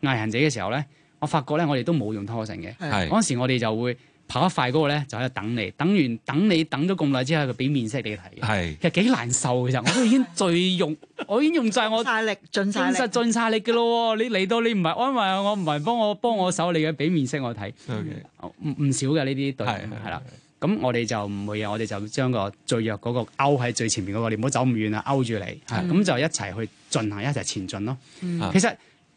D: 毅行者嘅時候咧，我發覺咧我哋都冇用拖繩嘅。係，嗰時我哋就會。跑得快嗰個咧就喺度等你，等完等你等咗咁耐之後，佢俾面色你睇嘅，其實幾難受嘅。其實我都已經最用，我已
A: 經用盡我晒力、盡晒力、
D: 盡晒力嘅咯。你嚟到你唔係安慰我，唔係幫我幫我手，你嘅俾面色我睇，唔唔少嘅呢啲隊，係啦。咁我哋就唔會啊，我哋就將個最弱嗰個勾喺最前面嗰個，你唔好走唔遠啊，勾住你，咁就一齊去進行一齊前進咯。其實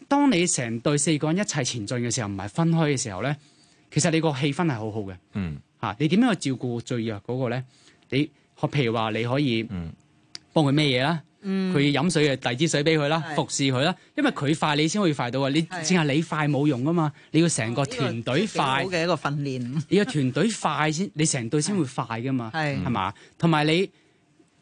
D: 當你成隊四個人一齊前進嘅時候，唔係分開嘅時候咧。其實你個氣氛係好好嘅，
E: 嗯
D: 吓，你點樣去照顧最弱嗰個咧？你，譬如話你可以幫佢咩嘢啦？佢飲水嘅，遞支水俾佢啦，服侍佢啦。因為佢快，你先可以快到啊！你淨係你快冇用噶嘛，你要成個團隊快。好嘅一個訓練。你要團隊快先，你成隊先會快噶嘛？係係嘛？同埋你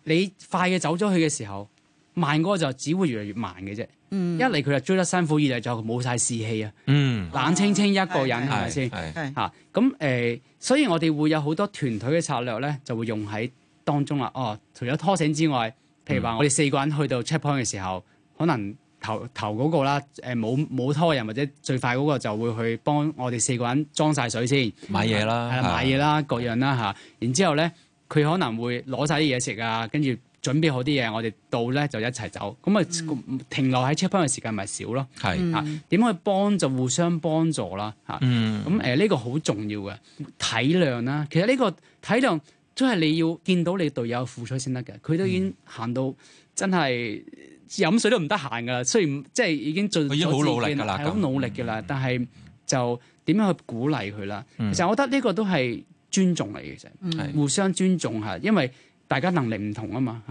D: 你快嘅走咗去嘅時候，慢嗰個就只會越嚟越慢嘅啫。一嚟佢就追得辛苦，二嚟就冇晒士氣啊！冷清清一個人係咪先？係係嚇，咁誒，所以我哋會有好多團隊嘅策略咧，就會用喺當中啦。哦，除咗拖繩之外，譬如話我哋四個人去到 check point 嘅時候，可能頭頭嗰個啦，誒冇冇拖人或者最快嗰個就會去幫我哋四個人裝晒水先，買嘢啦，係啦，買嘢啦，各樣啦嚇。然之後咧，佢可能會攞晒啲嘢食啊，跟住。準備好啲嘢，我哋到咧就一齊走。咁啊，停留喺 check 嘅時間咪少咯。係啊，點樣去幫就互相幫助啦。嚇、啊，咁誒呢個好重要嘅體諒啦。其實呢個體諒，都、就、係、是、你要見到你隊友付出先得嘅。佢都已經行到、嗯、真係飲水都唔得閒噶啦。雖然即係已經盡咗，好努力㗎啦，係、嗯、努力㗎啦。但係就點樣去鼓勵佢啦？嗯、其實我覺得呢個都係尊重嚟嘅，其、嗯、互相尊重嚇，因為。大家能力唔同啊嘛，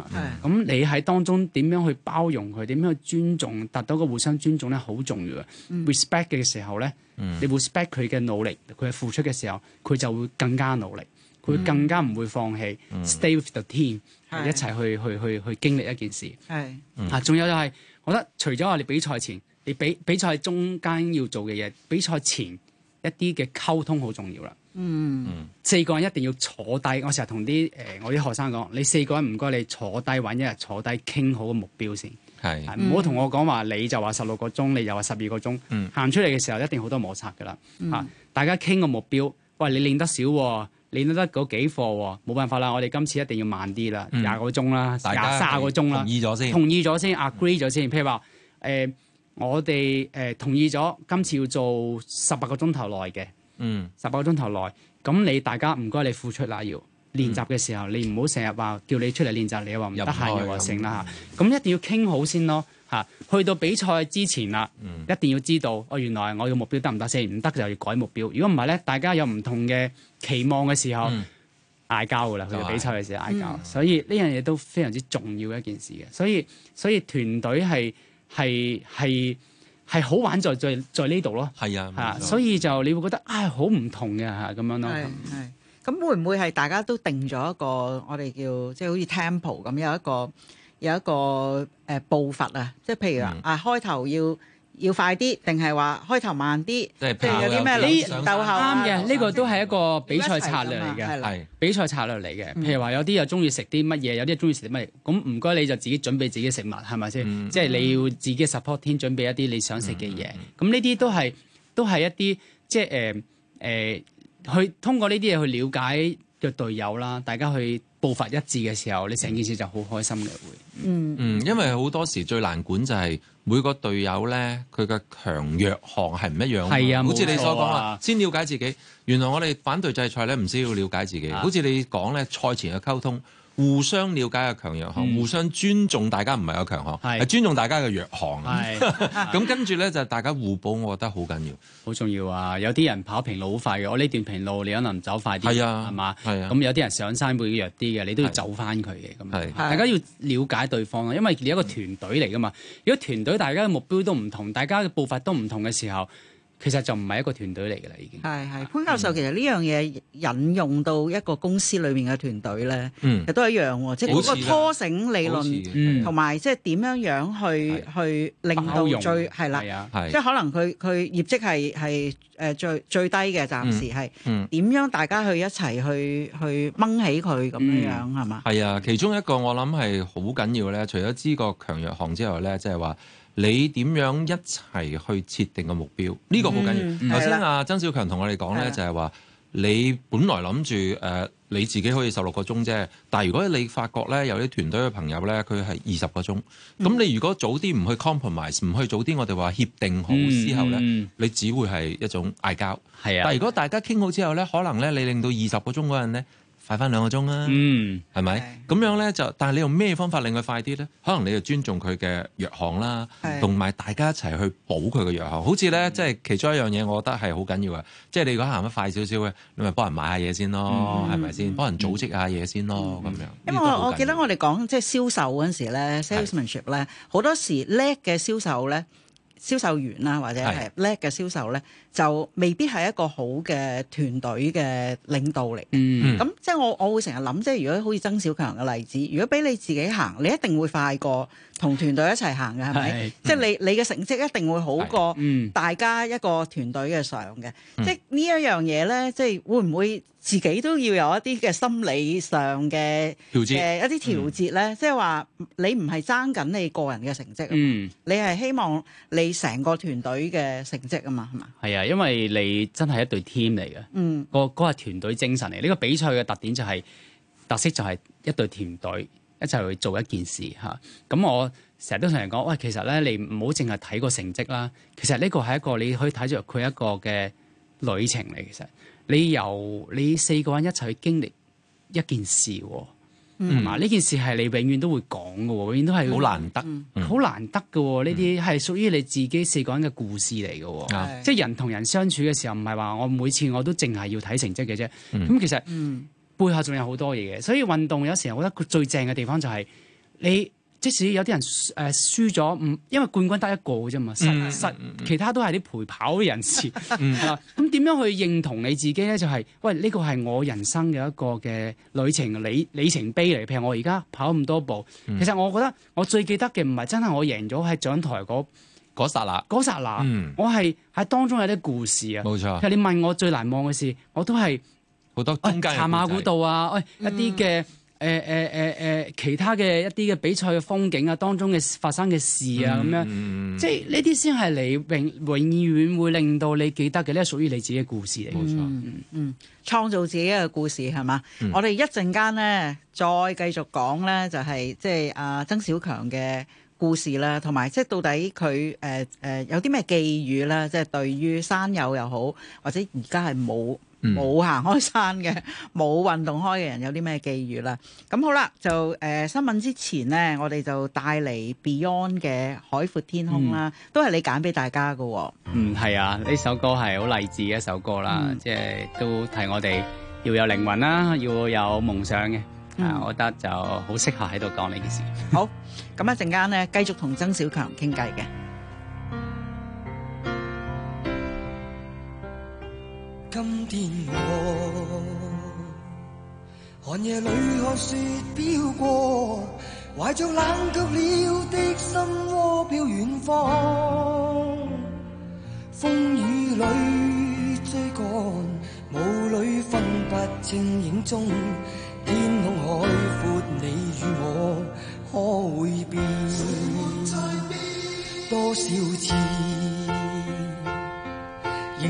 D: 咁、mm. 嗯、你喺當中點樣去包容佢，點樣去尊重，達到個互相尊重咧，好重要。Mm. Respect 嘅時候咧，你 respect 佢嘅努力，佢嘅付出嘅時候，佢就會更加努力，佢更加唔會放棄、mm.，Stay with the team，、mm. 一齊去去去去，去經歷一件事。係、mm. 啊，仲有就係、是，我覺得除咗我哋比賽前，你比比賽中間要做嘅嘢，比賽前。一啲嘅溝通好重要啦。
E: 嗯，
D: 四個人一定要坐低。我成日同啲誒我啲學生講，你四個人唔該，你坐低揾一日坐低傾好個目標先。
B: 係，唔好同
D: 我講話，你就話十六個鐘，你又話十二個鐘，行、嗯、出嚟嘅時候一定好多摩擦噶啦。啊，嗯、大家傾個目標。喂，你練得少、啊，你練得得嗰幾課、啊，冇辦法啦。我哋今次一定要慢啲啦，廿、嗯、個鐘啦、啊，廿三個鐘啦、啊，啊、同意咗先，同意咗先，agree 咗先。譬如話誒。呃我哋誒同意咗今次要做十八個鐘頭內嘅，嗯，十八個鐘頭內。咁你大家唔該，你付出啦。要練習嘅時候，你唔好成日話叫你出嚟練習，你又話唔得閒又話剩啦嚇。咁一定要傾好先咯嚇。去到比賽之前啦，一定要知道哦。原來我嘅目標得唔得先？唔得就要改目標。如果唔係咧，大家有唔同嘅期望嘅時候，嗌交噶啦。佢哋比賽嘅時候嗌交，所以呢樣嘢都非常之重要嘅一件事嘅。所以所以團隊係。係係係，好玩在在在呢度咯，係啊，啊啊所以就你會覺得啊好唔同嘅，嚇咁樣咯。係。
A: 咁會唔會係大家都定咗一個我哋叫即係好似 temple 咁有一個有一個誒、呃、步伐啊？即係譬如話、嗯、啊開頭要。要快啲，定係話開頭慢啲？即係有啲咩？呢？逗後啱、啊、嘅，呢、這個都係一個
D: 比賽策略嚟嘅，係、啊、比賽策略嚟嘅。譬、嗯、如話有啲又中意食啲乜嘢，有啲中意食啲乜嘢。咁唔該，你就自己準備自己食物，係咪先？即係、嗯嗯、你要自己 support team 準備一啲你想食嘅嘢。咁呢啲都係都係一啲即係誒誒，去通過呢啲嘢去了解嘅隊友啦。大家去步伐一致嘅時候，你成件事就好開心嘅會。嗯
E: 嗯，嗯
B: 因為好多時最難管就係、是。每個隊友呢，佢嘅強弱項係唔一樣嘅，好似、啊、你所講啊，先了解自己。原來我哋反對制賽呢，唔需要了解自己。好似、啊、你講咧，賽前嘅溝通。互相了解嘅強弱項，嗯、互相尊重大家唔係個強項，係尊重大家嘅弱項。咁跟住咧就是、大家互補，我覺得好緊要，好重要
D: 啊！有啲人跑平路好快嘅，我呢段平路你可能走快啲，係啊，係嘛？係啊，咁、啊、有啲人上山會弱啲嘅，你都要走翻佢嘅。咁，啊、大家要了解對方咯，因為你一個團隊嚟噶嘛。如果團隊大家嘅目標都唔同，大家嘅步伐都唔同嘅時候。其實就唔係一個團隊嚟㗎啦，已
A: 經。係係潘教授，其實呢樣嘢引用到一個公司裏面嘅團隊咧，其實、嗯、都係一樣喎，即係嗰個拖繩理論，同埋即係點樣樣去去令到最係啦，即係可能佢佢業績係係誒最最低嘅，暫時係點樣大家一去一齊去去掹起佢咁、嗯、樣樣係嘛？
B: 係啊，其中一個我諗係好緊要咧，除咗知個強弱項之外咧，即係話。你點樣一齊去設定個目標？呢、呢個好緊要。頭先阿曾小強同我哋講呢，就係話你本來諗住誒你自己可以十六個鐘啫，但係如果你發覺呢，有啲團隊嘅朋友呢，佢係二十個鐘，咁、嗯、你如果早啲唔去 compromise，唔去早啲我哋話協定好之後呢，嗯、你只會係一種嗌交。係啊，但如果大家傾好之後呢，可能呢，你令到二十個鐘嗰人呢。快翻兩個鐘啦，嗯，係咪咁樣咧？就但係你用咩方法令佢快啲咧？可能你就尊重佢嘅弱項啦，同埋大家一齊去補佢嘅弱項。好似咧，即係其中一樣嘢，我覺得係好緊要嘅。即係你如果行得快少少嘅，你咪幫人買下嘢先咯，係咪先？幫人組織下嘢先咯，咁樣。因為我記得
A: 我哋講即係銷售嗰陣時咧，salesmanship 咧，好多時叻嘅銷售咧。銷售員啦，或者係叻嘅銷售咧，就未必係一個好嘅團隊嘅領導嚟
E: 嘅。咁、
A: 嗯嗯、即係我，我會成日諗，即係如果好似曾小強嘅例子，如果俾你自己行，你一定會快過，同團隊一齊行嘅係咪？係係嘅，即係你你嘅成績一定會好過大家一個團隊嘅上嘅，嗯。即係呢一樣嘢咧，即係會唔會自己都要有一啲嘅心理上嘅誒調節，呃、一啲調節咧？嗯、即係話你唔係爭緊你個人嘅成績，嗯，你係希望你個團隊成個團隊嘅成績啊嘛，係嘛？
D: 係啊，因為你真係一隊 team 嚟嘅，嗯，嗰個，嗰個係團隊精神嚟。呢、呢個比賽嘅特點就係、係、特色就係一隊團隊。一齊去做一件事吓，咁我成日都同人講，喂，其實咧你唔好淨係睇個成績啦，其實呢個係一個你可以睇住佢一個嘅旅程嚟。其實你由你四個人一齊去經歷一件事，唔係嘛？呢、嗯、件事係你永遠都會講嘅，永遠都係好難得，好、嗯嗯、難得嘅。呢啲係屬於你自己四個人嘅故事嚟嘅，即係、嗯、人同人相處嘅時候，唔係話我每次我都淨係要睇成績嘅啫。咁其實，嗯。嗯背後仲有好多嘢嘅，所以運動有時候我覺得最正嘅地方就係你即使有啲人誒輸咗，唔因為冠軍得一個嘅啫嘛，實實其他都係啲陪跑嘅人士。咁點 、啊、樣去認同你自己咧？就係、是、喂呢、呢個係我人生嘅一個嘅旅程，裡里程碑嚟。譬如我而家跑咁多步，其實我覺得我最記得嘅唔係真係我贏咗喺獎台嗰嗰、嗯、剎那，嗰剎那、嗯、我係喺當中有啲故事啊。冇錯，其實你問我最難忘嘅事，我都係。好多茶馬古道啊！喂，一啲嘅誒誒誒誒其他嘅一啲嘅比賽嘅風景啊，當中嘅發生嘅事啊，咁樣，即係呢啲先係你永永遠會令到你記得嘅，呢係屬於你自己嘅故事嚟嘅。
E: 冇
A: 錯，嗯，創造自己嘅故事係嘛？我哋一陣間咧再繼續講咧，就係即係阿曾小強嘅故事啦，同埋即係到底佢誒誒有啲咩寄語啦？即係對於山友又好，或者而家係冇。冇行、嗯、開山嘅，冇運動開嘅人有啲咩寄語啦？咁好啦，就誒、呃、新聞之前咧，我哋就帶嚟 Beyond 嘅《海闊天空》啦，嗯、都係你揀俾大家嘅、哦。
D: 嗯，係啊，呢首歌係好勵志嘅一首歌啦，嗯、即係都提我哋要有靈魂啦，要有夢想嘅。嗯、啊，我覺得就好適合喺度講呢件事。
A: 好，咁一陣間咧，繼續同曾小強傾偈嘅。今
I: 天我寒夜裏看雪飄過，懷着冷卻了的心窩飄遠方。風雨裡追趕，霧裏分不清影蹤。天空海闊，你與我可會變？誰沒在變，多少次？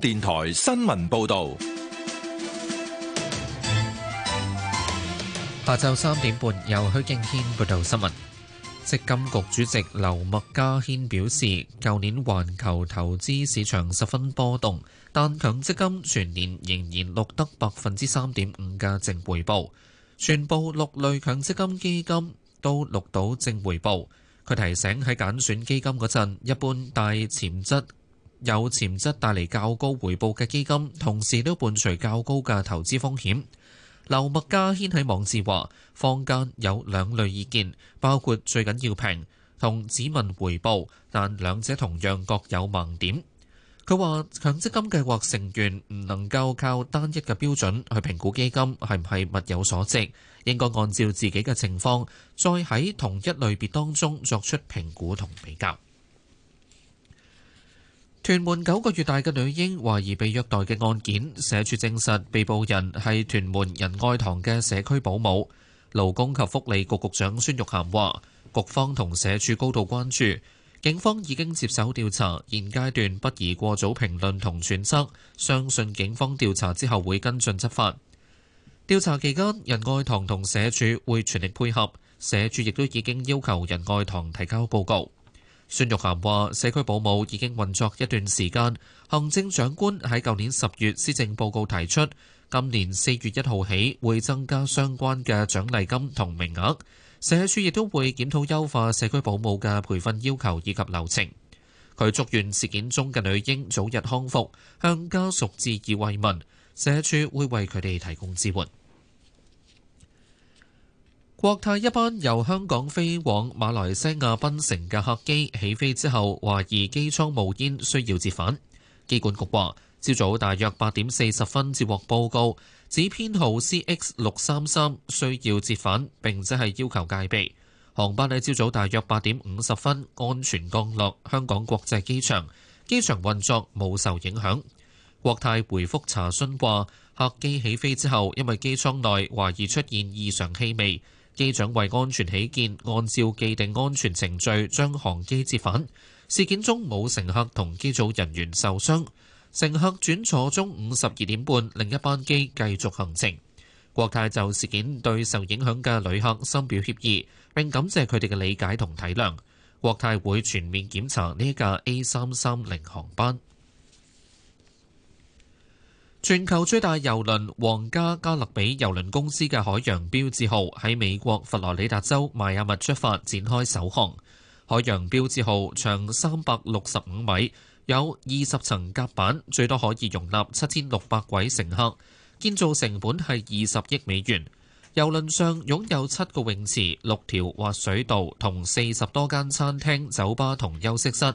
B: 電台新聞報道，
F: 下晝三點半由許敬軒報道新聞。積金局主席劉麥嘉軒表示，舊年環球投資市場十分波動，但強積金全年仍然錄得百分之三點五嘅正回報。全部六類強積金基金都錄到正回報。佢提醒喺揀選基金嗰陣，一般帶潛質。有潛質帶嚟較高回報嘅基金，同時都伴隨較高嘅投資風險。劉麥嘉軒喺網誌話：坊間有兩類意見，包括最緊要平同只問回報，但兩者同樣各有盲點。佢話強積金計劃成員唔能夠靠單一嘅標準去評估基金係唔係物有所值，應該按照自己嘅情況，再喺同一類別當中作出評估同比較。屯門九個月大嘅女嬰懷疑被虐待嘅案件，社署證實被捕人係屯門仁愛堂嘅社區保姆。勞工及福利局局長孫玉菡話，局方同社署高度關注，警方已經接手調查，現階段不宜過早評論同揣測，相信警方調查之後會跟進執法。調查期間，仁愛堂同社署會全力配合，社署亦都已經要求仁愛堂提交報告。孫玉涵話：社區保姆已經運作一段時間。行政長官喺舊年十月施政報告提出，今年四月一號起會增加相關嘅獎勵金同名額。社署亦都會檢討優化社區保姆嘅培訓要求以及流程。佢祝願事件中嘅女嬰早日康復，向家屬致以慰問。社署會為佢哋提供支援。國泰一班由香港飛往馬來西亞檳城嘅客機起飛之後，懷疑機艙冒煙，需要折返。機管局話，朝早大約八點四十分接獲報告，指編號 CX 六三三需要折返，並且係要求戒備。航班喺朝早大約八點五十分安全降落香港國際機場，機場運作冇受影響。國泰回覆查詢話，客機起飛之後，因為機艙內懷疑出現異常氣味。機長為安全起見，按照既定安全程序將航機折返。事件中冇乘客同機組人員受傷，乘客轉坐中午十二點半另一班機繼續行程。國泰就事件對受影響嘅旅客深表歉意，並感謝佢哋嘅理解同體諒。國泰會全面檢查呢架 A 三三零航班。全球最大郵輪皇家加勒比郵輪公司嘅海洋標誌號喺美國佛羅里達州邁阿密出發展開首航。海洋標誌號長三百六十五米，有二十層甲板，最多可以容納七千六百位乘客。建造成本係二十億美元。郵輪上擁有七個泳池、六條滑水道同四十多間餐廳、酒吧同休息室。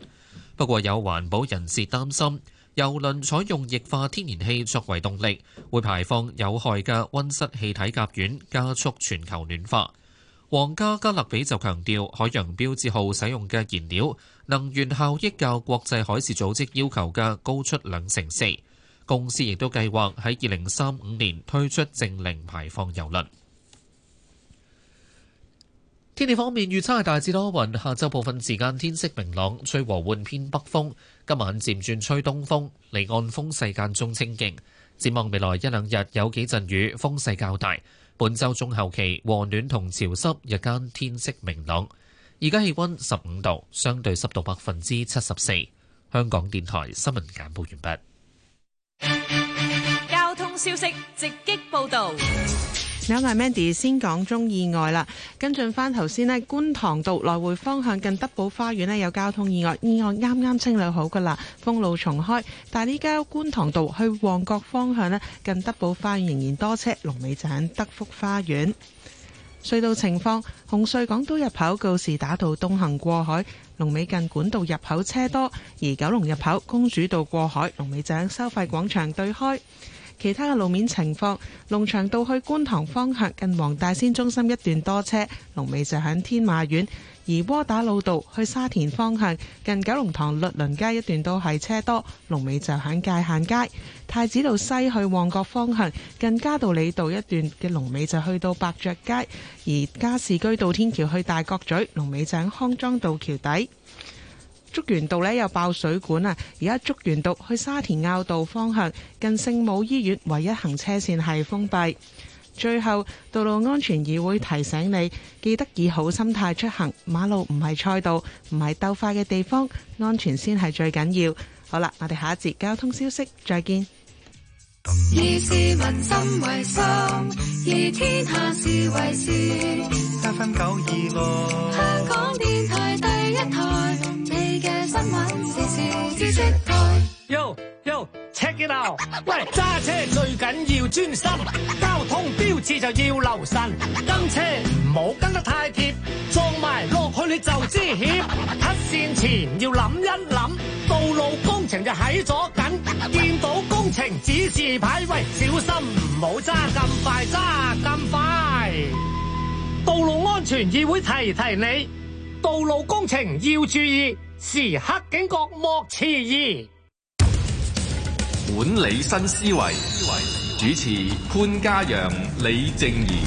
F: 不過有環保人士擔心。郵輪採用液化天然氣作為動力，會排放有害嘅溫室氣體甲烷，加速全球暖化。皇家加勒比就強調，海洋標誌號使用嘅燃料能源效益較國際海事組織要求嘅高出兩成四。公司亦都計劃喺二零三五年推出淨零排放郵輪。天氣方面，預測係大致多雲，下周部分時間天色明朗，吹和緩偏北風。今晚漸轉吹東風，離岸風勢間中清勁。展望未來一兩日有幾陣雨，風勢較大。本周中後期和暖同潮濕，日間天色明朗。而家氣溫十五度，相對濕度百分之七十四。香港電台新聞簡報完畢。
G: 交通消息直擊報道。
H: 有一位 Mandy 先講中意外啦，跟進翻頭先呢，觀塘道來回方向近德寶花園呢有交通意外，意外啱啱清理好噶啦，封路重開，但係依家觀塘道去旺角方向呢，近德寶花園仍然多車，龍尾就喺德福花園隧道情況，紅隧港島入口告士打道東行過海，龍尾近管道入口車多，而九龍入口公主道過海，龍尾就喺收費廣場對開。其他嘅路面情況，龍翔道去觀塘方向近黃大仙中心一段多車，龍尾就喺天馬苑；而窩打老道去沙田方向近九龍塘律倫街一段都係車多，龍尾就喺界限街。太子道西去旺角方向近嘉道理道一段嘅龍尾就去到伯爵街，而加士居道天橋去大角咀龍尾就喺康莊道橋底。竹園道呢又爆水管啊！而家竹園道去沙田坳道方向近聖母醫院唯一行車線係封閉。最後，道路安全議會提醒你，記得以好心態出行，馬路唔係賽道，唔係鬥快嘅地方，安全先係最緊要。好啦，我哋下一節交通消息再見。
I: 以市民心為心，以天下
C: 事為事。
I: 香
E: 港電台第一台。
F: Yo, yo check it out！喂，揸車最緊要專心，交通標誌就要留神，跟車唔好跟得太貼，撞埋落去你就知險。黑綫前要諗一諗，道路工程就喺左近，見到工程指示牌喂，小心唔好揸咁快，揸咁快。道路安全議會提提你，道路工程要注意。時刻警覺莫遲疑，
C: 管理新思維，主持潘嘉揚、李靜宜。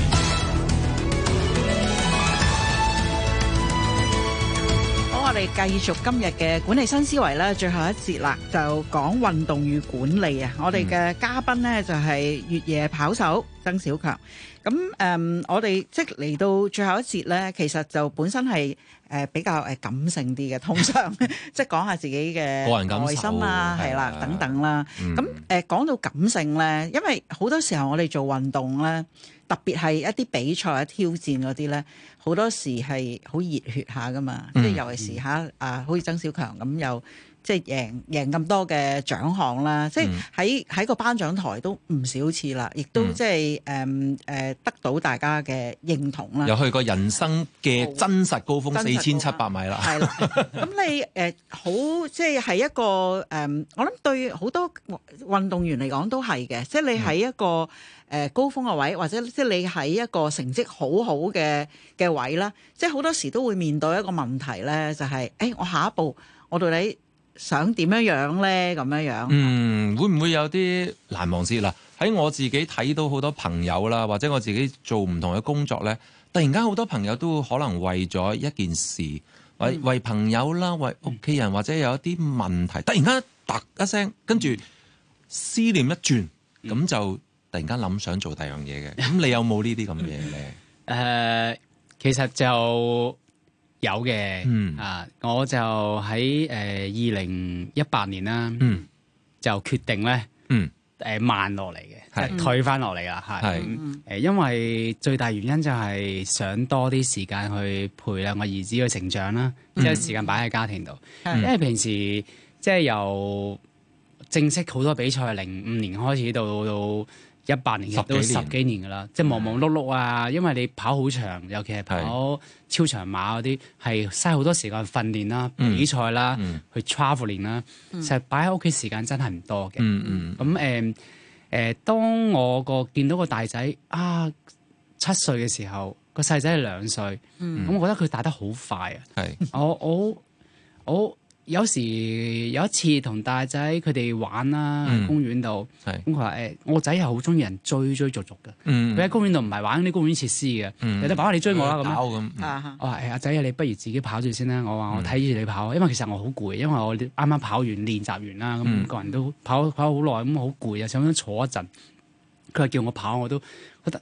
A: 好，我哋繼續今日嘅管理新思維啦，最後一節啦，就講運動與管理啊。我哋嘅嘉賓呢，就係越野跑手曾小強。咁誒、嗯，我哋即係嚟到最後一節咧，其實就本身係誒、呃、比較誒感性啲嘅，通常即係講下自己嘅內心啦，係啦，等等啦。咁誒、嗯嗯、講到感性咧，因為好多時候我哋做運動咧，特別係一啲比賽啊、挑戰嗰啲咧，好多時係好熱血下㗎嘛，即係、嗯、尤其是吓啊，好似曾小強咁又。即係贏贏咁多嘅獎項啦，即係喺喺個頒獎台都唔少次啦，亦都即係誒誒得到大家嘅認同啦。又去
B: 過人生嘅真實高峰四千七百米啦。係 啦，
A: 咁你誒、呃、好即係係一個誒、呃，我諗對好多運動員嚟講都係嘅，即係你喺一個誒、呃、高峰嘅位，或者即係你喺一個成績好好嘅嘅位啦，即係好多時都會面對一個問題咧，就係、是、誒、哎、我下一步我到底……」想點樣呢樣咧？咁樣樣
B: 嗯，會唔會有啲難忘事嗱？喺我自己睇到好多朋友啦，或者我自己做唔同嘅工作咧，突然間好多朋友都可能為咗一件事，為為朋友啦，為屋企人或者有一啲問題，突然間突一聲，跟住思念一轉，咁就突然間諗想做第二樣嘢嘅。咁 你有冇呢啲咁嘅嘢咧？誒，uh, 其實就～
D: 有嘅，嗯啊，我就喺誒二零一八年啦，嗯，就決定咧，嗯，誒慢落嚟嘅，係退翻落嚟啦，係，誒，因為最大原因就係想多啲時間去陪兩個兒子去成長啦，即係、嗯、時間擺喺家庭度，
H: 因為平
D: 時即係、就是、由正式好多比賽零五年開始到。一八年嘅都十幾年噶啦，即係忙忙碌碌啊，因為你跑好長，尤其係跑超長馬嗰啲，係嘥好多時間訓練啦、比賽啦、去 traveling 啦，
E: 其實
D: 擺喺屋企時間真係唔多嘅。咁誒誒，當我個見到個大仔啊七歲嘅時候，個細仔係兩歲，咁我覺得佢大得好快啊！我我我。有時有一次同大仔佢哋玩啦、啊，喺、嗯、公園度。咁佢話：誒、哎，我仔係好中意人追追逐逐嘅。佢喺、嗯、公園度唔係玩啲公園設施嘅，有得跑你追我啦咁。跑咁，我話：誒、哎，阿仔啊，你不如自己跑住先啦。我話：我睇住你跑，嗯、因為其實我好攰，因為我啱啱跑完練習完啦，咁、嗯嗯、個人都跑跑好耐，咁好攰啊，想，想坐一陣。佢話叫我跑，我都覺得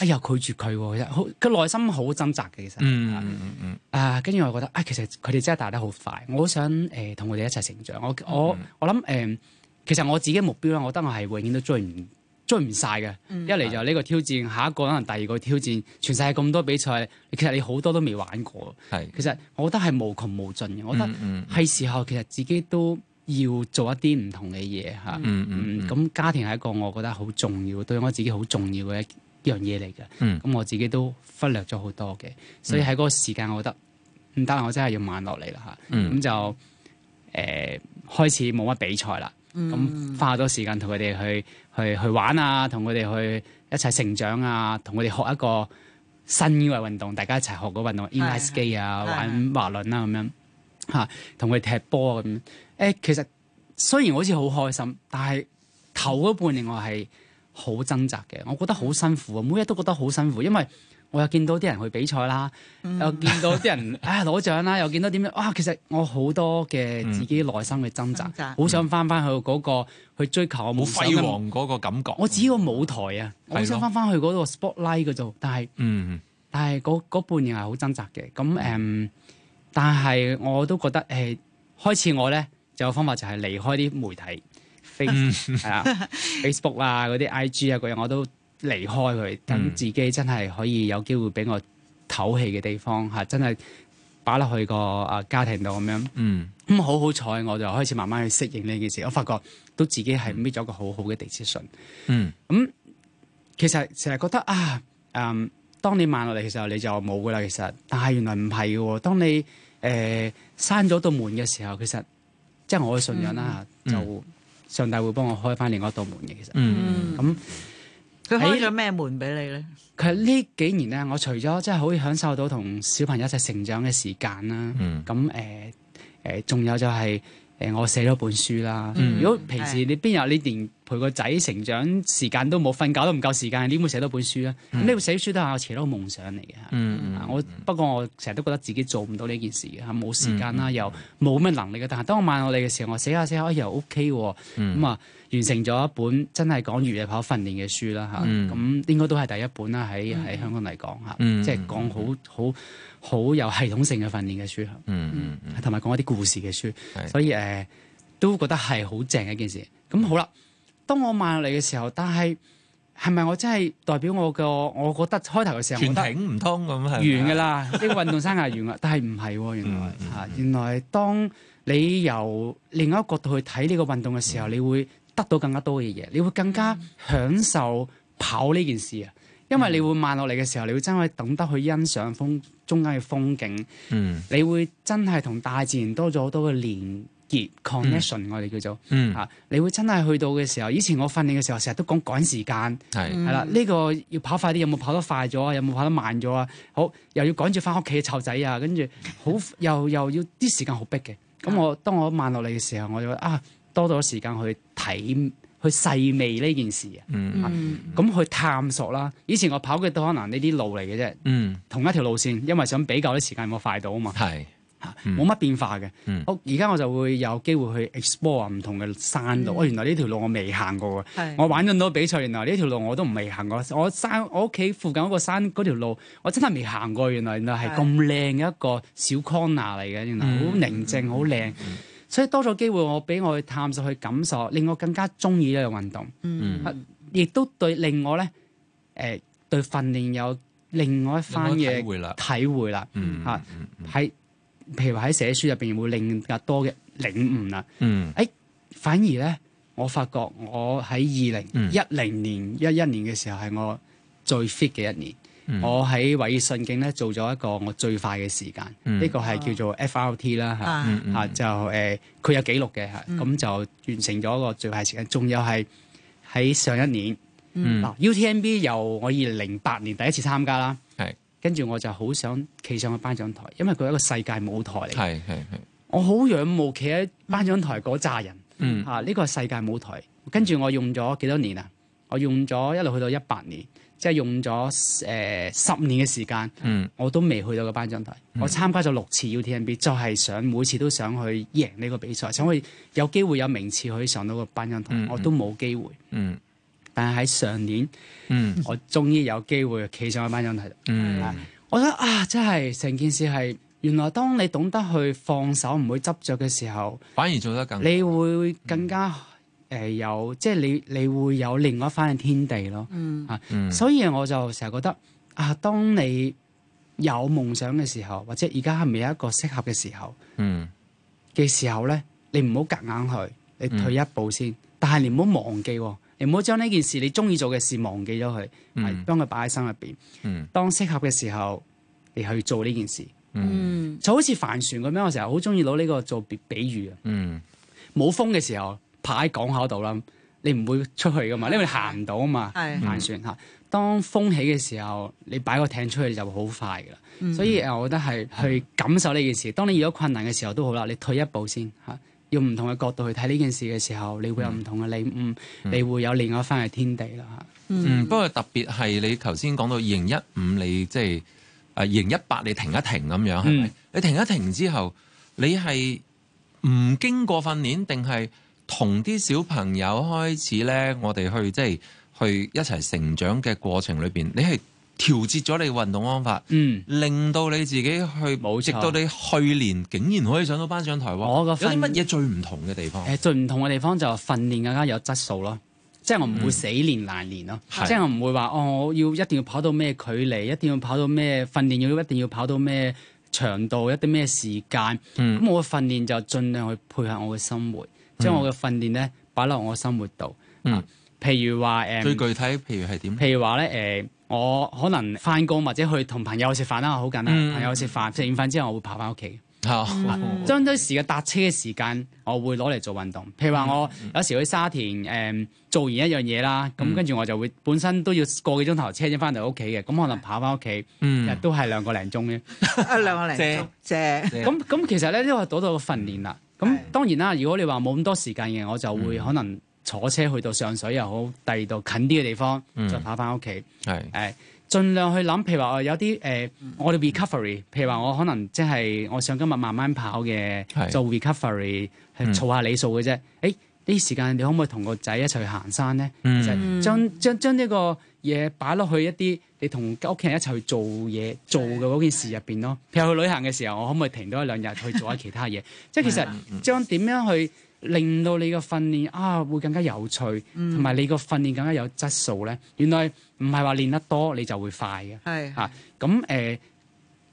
D: 哎呀，拒絕佢，佢好，佢內心好掙扎嘅其實。嗯啊，跟住我又覺得啊，其實佢哋、mm hmm. 啊哎、真係大得好快，我好想誒同佢哋一齊成長。我我我諗誒、呃，其實我自己目標咧，我覺得我係永遠都追唔追唔曬嘅。Mm hmm. 一嚟就呢個挑戰，下一個可能第二個挑戰，全世界咁多比賽，其實你好多都未玩過。係、mm，hmm. 其實我覺得係無窮無盡嘅。Mm hmm. 我覺得係時候，其實自己都。要做一啲唔同嘅嘢嚇，咁、mm hmm. 嗯、家庭係一個我覺得好重要，對我自己好重要嘅一樣嘢嚟嘅。咁、mm hmm. 嗯、我自己都忽略咗好多嘅，所以喺嗰個時間，我覺得唔得，我真係要慢落嚟啦嚇。咁、mm hmm. 嗯、就誒、呃、開始冇乜比賽啦，
E: 咁、嗯嗯、
D: 花咗好多時間同佢哋去去去玩啊，同佢哋去一齊成長啊，同佢哋學一個新嘅運動，大家一齊學個運動 ice skate 啊，玩滑輪啦咁樣嚇，同佢踢波咁。誒其實雖然好似好開心，但係頭嗰半年我係好掙扎嘅，我覺得好辛苦啊！每日都覺得好辛苦，因為我又見到啲人去比賽啦，
E: 又見到啲
D: 人啊攞獎啦，又見到點樣哇！其實我好多嘅自己內心嘅掙扎，好、嗯、想翻翻去嗰個去追求、嗯、我冇輝煌嗰個感覺。我指個舞台啊，我想翻翻去嗰個 spotlight 嗰度，但係嗯，嗯，但係嗰半年係好掙扎嘅。咁誒，但係我都覺得誒開始我咧。有方法就係離開啲媒體 ，Facebook 啊、嗰啲 IG 啊，嗰樣我都離開佢，等自己真係可以有機會俾我唞氣嘅地方，吓真係擺落去個啊家庭度咁樣。咁 好好彩，我就開始慢慢去適應呢件事。我發覺都自己係搣咗個好好嘅 decision。
E: 咁
D: 其實成日覺得啊，嗯，當你慢落嚟嘅時候你就冇噶啦。其實，但係原來唔係嘅。當你誒閂咗道門嘅時候，其實。即係我嘅信仰啦，嗯、就上帝會幫我開翻另外一道門嘅，嗯、其實，咁
A: 佢、嗯、開咗咩門俾你咧？
D: 其實呢幾年咧，我除咗即係可以享受到同小朋友一齊成長嘅時間啦，咁誒誒，仲、呃呃、有就係、是。誒，我寫咗本書啦。嗯、如果平時你邊有你連陪個仔成長時間都冇，瞓覺都唔夠時間，點會寫到本書咧？咁呢本寫書都係我寫到個夢想嚟嘅嚇。嗯嗯，我不過我成日都覺得自己做唔到呢件事嘅嚇，冇時間啦，嗯、又冇咩能力嘅。但係當我問我你嘅時候，我寫下寫下，又 OK 喎。咁、
E: 嗯、啊，嗯、
D: 完成咗一本真係講越野跑訓練嘅書啦嚇。咁應該都係第一本啦，喺喺香港嚟講嚇，即係講好好。好有系統性嘅訓練嘅書，嗯嗯，同、嗯、埋講一啲故事嘅書，所以誒、呃、都覺得係好正一件事。咁好啦，當我慢落嚟嘅時候，但係係咪我真係代表我個？我覺得開頭嘅時候，全停唔
B: 通咁係完㗎啦！
D: 啲 運動生涯完啦，但係唔係喎，原來嚇、嗯嗯啊、原來，當你由另一個角度去睇呢個運動嘅時候，嗯、你會得到更加多嘅嘢，你會更加享受跑呢件事啊！嗯因為你會慢落嚟嘅時候，你會真係懂得去欣賞風中間嘅風景。嗯，你會真係同大自然多咗好多嘅連結 connection，我哋叫做嗯嚇。你會真係去到嘅時候，以前我訓練嘅時候，成日都講趕時間係係啦。呢個要跑快啲，有冇跑得快咗啊？有冇跑得慢咗啊？好，又要趕住翻屋企湊仔啊，跟住好又又要啲時間好逼嘅。咁我當我慢落嚟嘅時候，我就覺得啊多咗時間去睇。去細味呢件事啊，咁去探索啦。以前我跑嘅都可能呢啲路嚟嘅啫，同一條路線，因為想比較啲時間有冇快到啊嘛。係冇乜變化嘅。好，而家我就會有機會去 explore 唔同嘅山路。哦，原來呢條路我未行過嘅。我玩咗好多比賽，原來呢條路我都唔未行過。我山我屋企附近嗰個山嗰條路，我真係未行過。原來原來係咁靚嘅一個小 corner 嚟嘅，原來好寧靜，好靚。所以多咗機會，我俾我去探索去感受，令我更加鍾意呢樣運動。嗯，亦、啊、都對令我咧誒、呃、對訓練有另外一番嘅體會啦。會嗯喺譬如話喺寫書入邊會令更多嘅領悟啦。嗯，誒反而咧，我發覺我喺二零一零年一一、嗯、年嘅時候係我最 fit 嘅一年。我喺衛奕信徑咧做咗一個我最快嘅時間，呢、嗯、個係叫做 FRT 啦，吓吓就誒，佢、呃、有紀錄嘅，咁、嗯、就完成咗一個最快時間。仲有係喺上一年、嗯啊、，UTMB 由我二零零八年第一次參加啦，跟住我就好想企上個頒獎台，因為佢係一個世界舞台嚟。係係係，我好仰慕企喺頒獎台嗰扎人，吓呢個世界舞台。跟住我用咗幾多年啊？我用咗一路去到一八年。即係用咗誒十年嘅時間，嗯、我都未去到個頒獎台。嗯、我參加咗六次 UTMB 就係想每次都想去贏呢個比賽，想去有機會有名次可以上到個頒獎台，嗯、我都冇機會。嗯、但係喺上年，嗯、我終於有機會企上去頒獎台。嗯，我覺得啊，真係成件事係原來當你懂得去放手，唔會執着嘅時候，反而做得更，你會更加。嗯、更加誒，有即係你，你會有另外一番嘅天地咯。嗯，啊，所以我就成日覺得啊，當你有夢想嘅時候，或者而家係咪有一個適合嘅時候，
E: 嗯
D: 嘅時候咧，你唔好夾硬去，你退一步先。但係你唔好忘記喎，你唔好將呢件事你中意做嘅事忘記咗佢，係幫佢擺喺心入邊。嗯，當適合嘅時候，你去做呢件事。
E: 嗯，
D: 就好似帆船咁樣，我成日好中意攞呢個做比比喻啊。嗯，冇風嘅時候。泊喺港口度啦，你唔會出去噶嘛，因為你行唔到啊嘛。行船嚇，嗯、當風起嘅時候，你擺個艇出去就會好快噶啦。嗯、所以誒，我覺得係去感受呢件事。嗯、當你遇到困難嘅時候都好啦，你退一步先嚇，用唔同嘅角度去睇呢件事嘅時候，你會有唔同嘅領悟，嗯、你會有另一番嘅天地啦嚇。
B: 嗯，嗯，嗯，不過特別係你頭先講到二零一五，你即係誒二零一八，你停一停咁樣係咪？是是嗯、你停一停之後，你係唔經過訓練定係？同啲小朋友開始咧，我哋去即係去一齊成長嘅過程裏邊，你係調節咗你運動方法，嗯，令到你自己去冇，直到你去年竟然可以上到班上台灣，我個有啲乜嘢最唔同嘅地方？誒、呃，
D: 最唔同嘅地方就訓練更加有質素咯，即、就、係、是、我唔會死練難練咯，即係我唔會話哦，我要一定要跑到咩距離，一定要跑到咩訓練要一定要跑到咩長度，一啲咩時間，咁、嗯、我嘅訓練就盡量去配合我嘅生活。將我嘅訓練咧擺落我生活度啊，譬如話誒，嗯、最具體譬如係點？譬、嗯、如話咧誒，我可能翻工或者去同朋友食飯啦，好簡單！朋友食飯，食完飯之後，我會跑翻屋企。係、哦嗯、啊，將啲時間，搭車嘅時間，我會攞嚟做運動。譬如話、嗯、我有時去沙田誒、嗯，做完一樣嘢啦，咁跟住我就會本身都要個幾鐘頭車先翻嚟屋企嘅，咁可能跑翻屋企日都係兩個零鐘啫。
A: 兩個零
D: 鐘，啫咁咁，其實咧，因為我都攞到個訓練啦。咁、嗯、當然啦，如果你話冇咁多時間嘅，我就會可能坐車去到上水又好，第二度近啲嘅地方就跑翻屋企。係誒，盡量去諗，譬如話有啲誒、呃，我哋 recovery，譬如話我可能即係我想今日慢慢跑嘅，做 recovery，係儲下理數嘅啫。誒、欸，呢時間你可唔可以同個仔一齊去行山咧？就、嗯、其實將、嗯、將將呢、呢個。嘢擺落去一啲你同屋企人一齊去做嘢做嘅嗰件事入邊咯。譬如去旅行嘅時候，我可唔可以停多一兩日去做下其他嘢？即係其實將點樣去令到你嘅訓練啊會更加有趣，同埋你個訓練更加有質素咧？原來唔係話練得多你就會快嘅。係啊，咁誒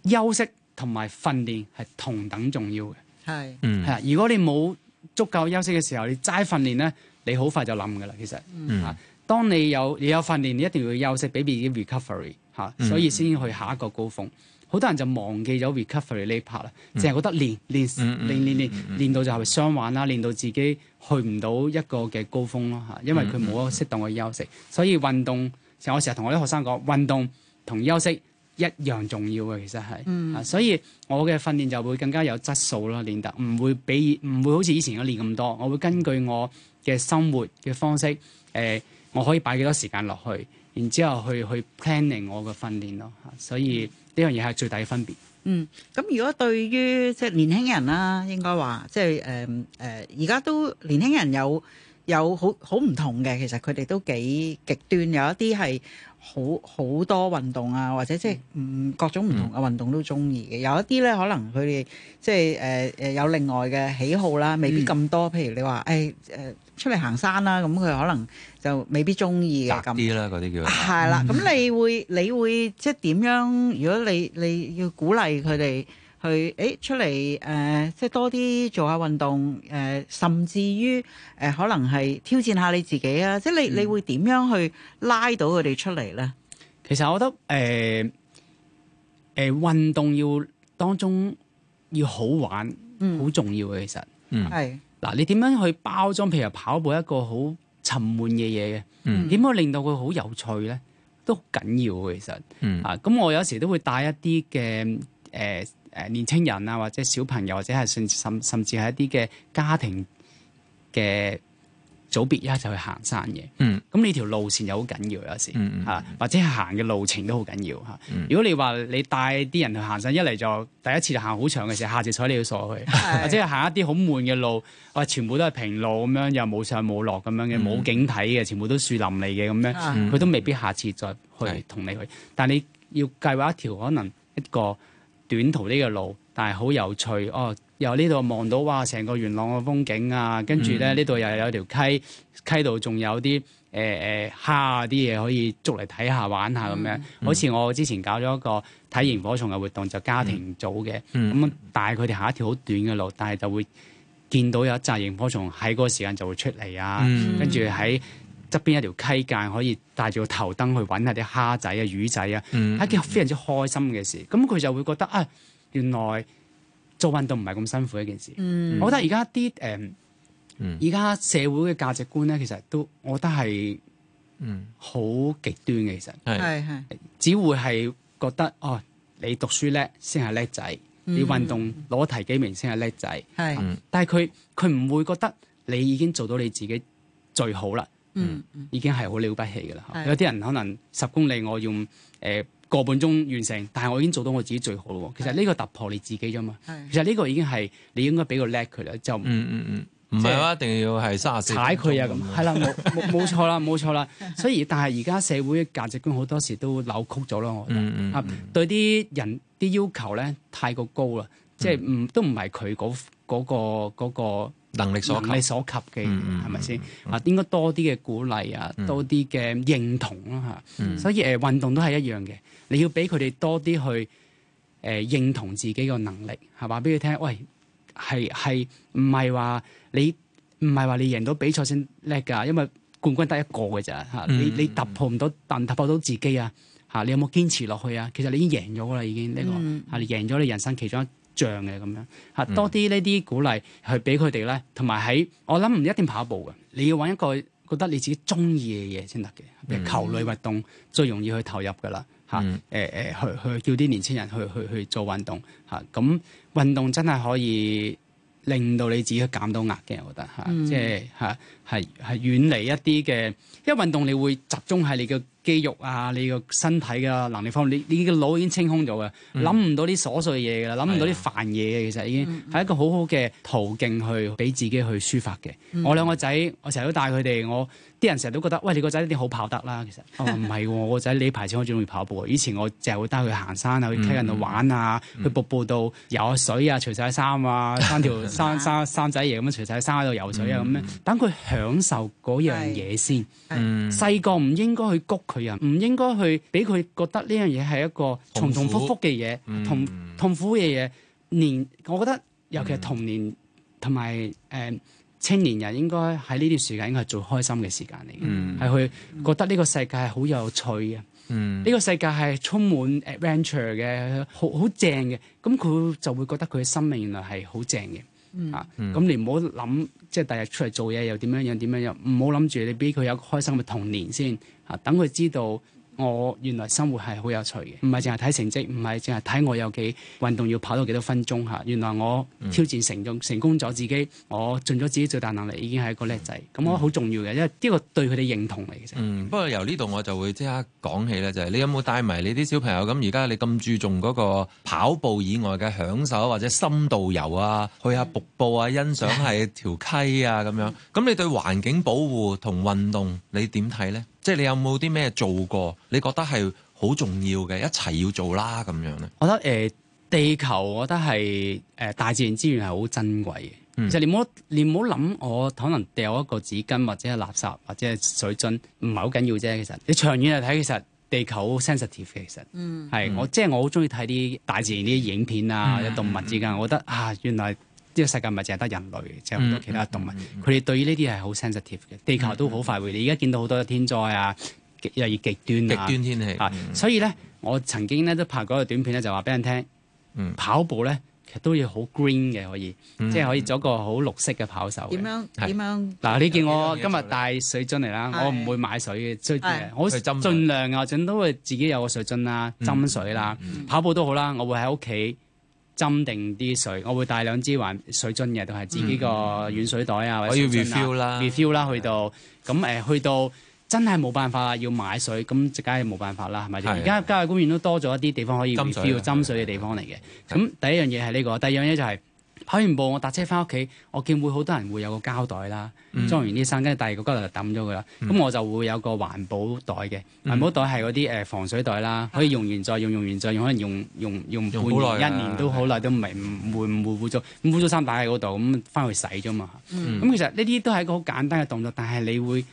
D: 休息同埋訓練係同等重要嘅。係，
A: 嗯，
D: 係啦。如果你冇足夠休息嘅時候，你齋訓練咧，你好快就冧噶啦。其實，嗯啊。當你有你有訓練，你一定要休息，俾自己 recovery 嚇、啊，所以先去下一個高峰。好、mm hmm. 多人就忘記咗 recovery 呢 part 啦，淨係、mm hmm. 覺得練練練練練練到就係傷患啦，練到自己去唔到一個嘅高峰咯嚇、啊，因為佢冇一個適當嘅休息。Mm hmm. 所以運動成我成日同我啲學生講，運動同休息一樣重要嘅，其實係、mm hmm. 啊，所以我嘅訓練就會更加有質素咯，練得唔會俾唔會好似以前咁練咁多，我會根據我嘅生活嘅方式誒。呃我可以擺幾多時間落去，然之後去去 planning 我嘅訓練咯嚇，所以呢樣嘢係最大嘅分別。嗯，
A: 咁如果對於即係年輕人啦、啊，應該話即係誒誒，而家都年輕人有有好好唔同嘅，其實佢哋都幾極端，有一啲係好好多運動啊，或者即係唔各種唔同嘅運動都中意嘅，有一啲咧可能佢哋即係誒誒有另外嘅喜好啦、啊，未必咁多。嗯、譬如你話誒誒。哎呃出嚟行山啦，咁佢可能就未必中意嘅咁。雜啲啦，嗰啲叫係啦。咁、嗯、你會，你會即係點樣？如果你你要鼓勵佢哋去，誒、欸、出嚟，誒、呃、即係多啲做下運動，誒、呃、甚至於誒、呃、可能係挑戰下你自己啊！即係你，你，你會點樣去拉到佢哋出嚟咧？嗯、
E: 其
D: 實我覺得，誒、呃、誒、呃、運動要當中要好玩，好、嗯、重要嘅，其實嗯係。嗱，你點樣去包裝？譬如跑步一個好沉悶嘅嘢嘅，點、嗯、樣令到佢好有趣咧？都好緊要嘅、啊，其實。嗯、啊，咁我有時都會帶一啲嘅誒誒年輕人啊，或者小朋友，或者係甚甚甚至係一啲嘅家庭嘅。組別一就去行山嘅，咁呢、嗯、條路線又好緊要，有時嚇，或者行嘅路程都好緊要嚇。嗯、如果你話你帶啲人去行山，一嚟就第一次就行好長嘅時候，下次睬你都傻去；或者行一啲好悶嘅路，或全部都係平路咁樣，又冇上冇落咁樣嘅，冇景睇嘅，全部都，全部都樹林嚟嘅咁樣，佢、嗯、都未必下次再去同你去。但你要計劃一條可能一個短途呢個路，但係好有趣哦。由呢度望到哇，成個元朗嘅風景啊，跟住咧呢度又有條溪，溪度仲有啲誒誒蝦啊啲嘢可以捉嚟睇下玩下咁樣。嗯、好似我之前搞咗一個睇螢火蟲嘅活動，就家庭組嘅，咁帶佢哋下一條好短嘅路，但係就會見到有一隻螢火蟲喺嗰個時間就會出嚟啊，嗯、跟住喺側邊一條溪澗可以帶住個頭燈去揾下啲蝦仔啊魚仔啊，係一件非常之開心嘅事。咁佢就會覺得啊，原來～做運動唔係咁辛苦、嗯、一件事、
A: 呃嗯，我覺得而家
D: 啲誒，而家社會嘅價值觀咧，其實都我覺得係好極端嘅，其實係
A: 係，
D: 只會係覺得哦，你讀書叻先係叻仔。嗯、你運動攞提幾名先係叻仔，但係佢佢唔會覺得你已經做到你自己最好啦，嗯、已經係好了不起嘅啦，有啲人可能十公里我用。誒、呃。呃呃個半鐘完成，但係我已經做到我自己最好咯。其實呢個突破你自己啫嘛。其實呢個已經係你應該比較叻佢啦。就嗯
B: 嗯嗯，
E: 唔、
D: 嗯、係、嗯就是、一定要係三十四踩佢啊，咁。係啦，冇冇 錯啦，冇錯啦。所以但係而家社會嘅價值觀好多時都扭曲咗咯，我覺得。嗯嗯。嗯啊、嗯對啲人啲要求咧，太過高啦，即係唔都唔係佢嗰嗰嗰個。那個那個能力所及你所及嘅，係咪先啊？是是嗯、應該多啲嘅鼓勵啊，嗯、多啲嘅認同咯嚇。嗯、所以誒、呃，運動都係一樣嘅，你要俾佢哋多啲去誒、呃、認同自己個能力，係嘛話俾佢聽。喂，係係唔係話你唔係話你贏到比賽先叻㗎？因為冠軍得一個嘅咋嚇，你你突破唔到，但突破到自己啊嚇！你有冇堅持落去啊？其實你已經贏咗啦，這個嗯，已經呢、這個嚇，你贏咗你人生其中一像嘅咁樣嚇，嗯、多啲呢啲鼓勵去俾佢哋咧，同埋喺我諗唔一定跑步嘅，你要搵一個覺得你自己中意嘅嘢先得嘅。
B: 譬如球類運
D: 動最容易去投入噶啦嚇，誒誒、嗯啊呃、去去叫啲年輕人去去去做運動嚇，咁、啊、運動真係可以令到你自己去減到壓嘅，我覺得嚇，即係嚇。嗯啊係係遠離一啲嘅，因為運動你會集中喺你嘅肌肉啊，你嘅身體嘅能力方面，你你個腦已經清空咗嘅，諗唔、嗯、到啲瑣碎嘢嘅啦，諗唔、嗯、到啲煩嘢嘅，其實已經係一個好好嘅途徑去俾自己去抒發嘅。嗯、我兩個仔，我成日都帶佢哋，我啲人成日都覺得喂，你個仔啲好跑得啦，其實我話唔係喎，我個仔呢排始開始中意跑步，以前我淨係會帶佢行山啊，去體育度玩啊，嗯嗯、去瀑布度游下水啊，除晒衫啊，生、啊、條三哈哈三三仔嘢咁樣除晒衫喺度游水啊咁樣，等佢享受嗰樣嘢先，細個唔應該去谷佢人，唔應該去俾佢覺得呢樣嘢係一個重重複複嘅嘢，痛痛苦嘅嘢，年我覺得，尤其係童年同埋誒青年人，應該喺呢段時間應該係最開心嘅時間嚟嘅，係去、嗯、覺得呢個世界係好有趣嘅，呢、嗯、個世界係充滿 adventure 嘅，好好正嘅。咁佢就會覺得佢嘅生命原來係好正嘅。嗯、
E: 啊，咁
D: 你唔好諗。即係第日出嚟做嘢又點樣樣，點樣樣，唔好諗住，你俾佢有一個開心嘅童年先嚇，啊，等佢知道。我原來生活係好有趣嘅，唔係淨係睇成績，唔係淨係睇我有幾運動要跑到幾多分鐘嚇。原來我挑戰成功，嗯、成功咗自己，我盡咗自己最大能力，已經係一個叻仔。咁、嗯、我好重要嘅，因為呢個對佢哋認同嚟嘅。嗯，
B: 不過由呢度我就會即刻講起咧，就係、是、你有冇帶埋你啲小朋友？咁而家你咁注重嗰個跑步以外嘅享受，或者深度遊啊，去下瀑布啊，欣賞係條溪啊咁樣。咁你對環境保護同運動你點睇咧？即係你有冇啲咩做過？你覺得係好重要嘅，一齊要做啦咁樣咧。我覺得誒、呃、地球，我覺得係誒、呃、
D: 大自然資源係好珍貴嘅。嗯、其實你唔好你唔好諗，我可能掉一個紙巾或者係垃圾或者係水樽，唔係好緊要啫。其實你長遠嚟睇，其實地球好 sensitive 其實，
E: 嗯，係我、嗯、
D: 即係我好中意睇啲大自然啲影片啊，有、嗯、動物之間，我覺得啊，原來。呢個世界唔係淨係得人類，仲有好多其他動物。佢哋對於呢啲係好 sensitive 嘅。地球都好快會，你而家見到好多天災啊，又要極端啊。極端天氣啊！所以咧，我曾經咧都拍過一個短片咧，就話俾人聽。跑步咧，其實都要好 green 嘅，可以，即係可以做一個好綠色嘅跑手。
E: 點樣？點
D: 樣？嗱，你見我今日帶水樽嚟啦，我唔會買水嘅，所以，我盡量啊，盡都會自己有個水樽啦，斟水啦，跑步都好啦，我會喺屋企。斟定啲水，我會帶兩支還水樽嘅，都係自己個軟水袋啊，嗯、或者樽啦、啊。Refill 啦，Refill 啦，<是的 S 1> 去到咁誒、呃，去到真係冇辦法要買水，咁就梗係冇辦法啦，係咪？而家郊野公園都多咗一啲地方可以 Refill 斟水嘅、啊、地方嚟嘅。咁<是的 S 1> 第一樣嘢係呢個，<是的 S 1> 第二樣嘢就係、是。跑完步，我搭車翻屋企，我見會好多人會有個膠袋啦，嗯、裝完啲衫，跟住第二個膠袋就抌咗佢啦。咁、嗯、我就會有個環保袋嘅，環保袋係嗰啲，誒防水袋啦，嗯、可以用完再用，用完再用，可能用用用半年用一年都好耐都唔係唔會唔會污糟，污糟衫擺喺嗰度，咁翻去洗啫嘛。咁、嗯、其實呢啲都係一個好簡單嘅動作，但係你會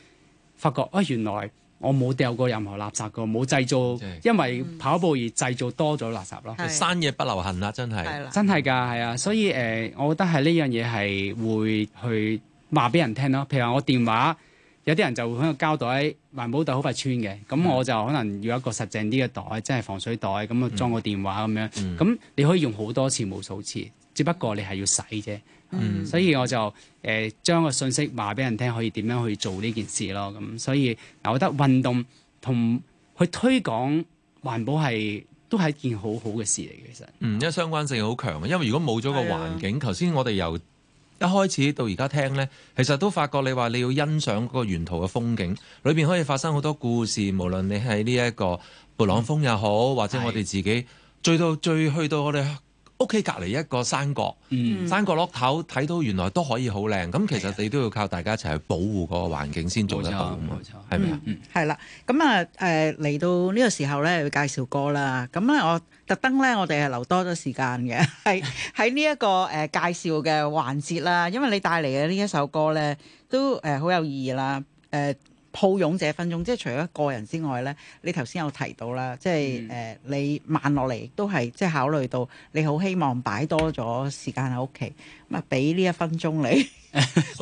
D: 發覺啊、哎，原來。.我冇掉過任何垃圾㗎，冇製造，因為
B: 跑步而製造多
D: 咗垃圾咯。山
B: 野不留痕啦，真係真
D: 係㗎，係啊，所以誒、呃，我覺得係呢樣嘢係會去話俾人聽咯。譬如話，我電話有啲人就會喺個膠袋環保袋好快穿嘅，咁我就可能要一個實淨啲嘅袋，即、就、係、是、防水袋咁啊，裝個電話咁、嗯、樣。咁、嗯、你可以用好多次、無數次，只不過你係要洗啫。嗯、所以我就誒、呃、將個信息話俾人聽，可以點樣去做呢件事咯。咁所以，我覺得運動同去推廣環保係都係一件好好嘅事嚟。其實，嗯，
B: 因為相關性好強嘅，因為如果冇咗個環境，頭先、啊、我哋由一開始到而家聽呢，其實都發覺你話你要欣賞嗰個沿途嘅風景，裏面可以發生好多故事。無論你喺呢一個勃朗峰也好，或者我哋自己，最到最去到我哋。屋企隔離一個山角，嗯、山角落頭睇到原來都可以好靚。咁、嗯、其實你都要靠大家一齊去保護嗰個環境先做得到。冇錯，係咪啊？
A: 係啦、嗯，咁啊誒嚟到呢個時候咧，要介紹歌啦。咁咧，我特登咧，我哋係留多咗時間嘅，喺喺呢一個誒、呃、介紹嘅環節啦。因為你帶嚟嘅呢一首歌咧，都誒好、呃、有意義啦，誒、呃。抱擁這分鐘，即係除咗個人之外咧，你頭先有提到啦，即係誒、嗯呃、你慢落嚟都係即係考慮到你好希望擺多咗時間喺屋企，咁啊俾呢一分鐘你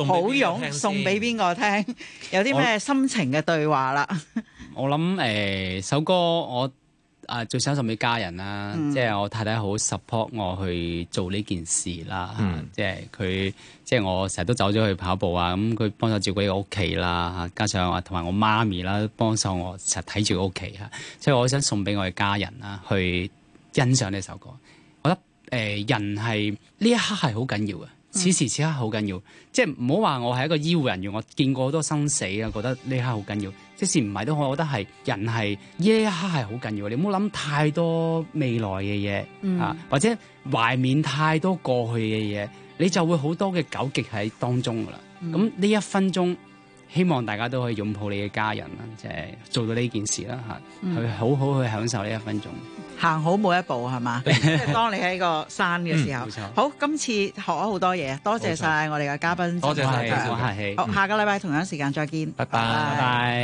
A: 抱擁 勇，送俾邊個聽？有啲咩心情嘅對話啦？我諗誒、呃、首歌我。
D: 啊，最想送俾家人啦，嗯、即係我太太好 support 我去做呢件事啦、嗯啊，即係佢即係我成日都走咗去跑步啊，咁佢幫手照顧我屋企啦，加上話同埋我媽咪啦幫手我成日睇住我屋企吓，所以我想送俾我嘅家人啦去欣賞呢首歌，我覺得誒、呃、人係呢一刻係好緊要嘅。此時此刻好緊要，即係唔好話我係一個醫護人員，我見過好多生死啊，覺得呢刻好緊要。即使唔係都，我覺得係人係呢一刻係好緊要。你唔好諗太多未來嘅嘢啊，嗯、或者懷念太多過去嘅嘢，你就會好多嘅糾結喺當中噶啦。咁呢、嗯、一分鐘，希望大家都可以擁抱你嘅家人啦，就係、是、做到呢件事啦嚇，去好好去享受呢一分鐘。
A: 行好每一步係咪？即係當你喺個山嘅時候。好，今次學咗好多嘢，多謝晒我哋嘅嘉賓。多謝晒，玩下氣。好，下個禮拜同樣時間再見。
I: 拜拜。拜拜。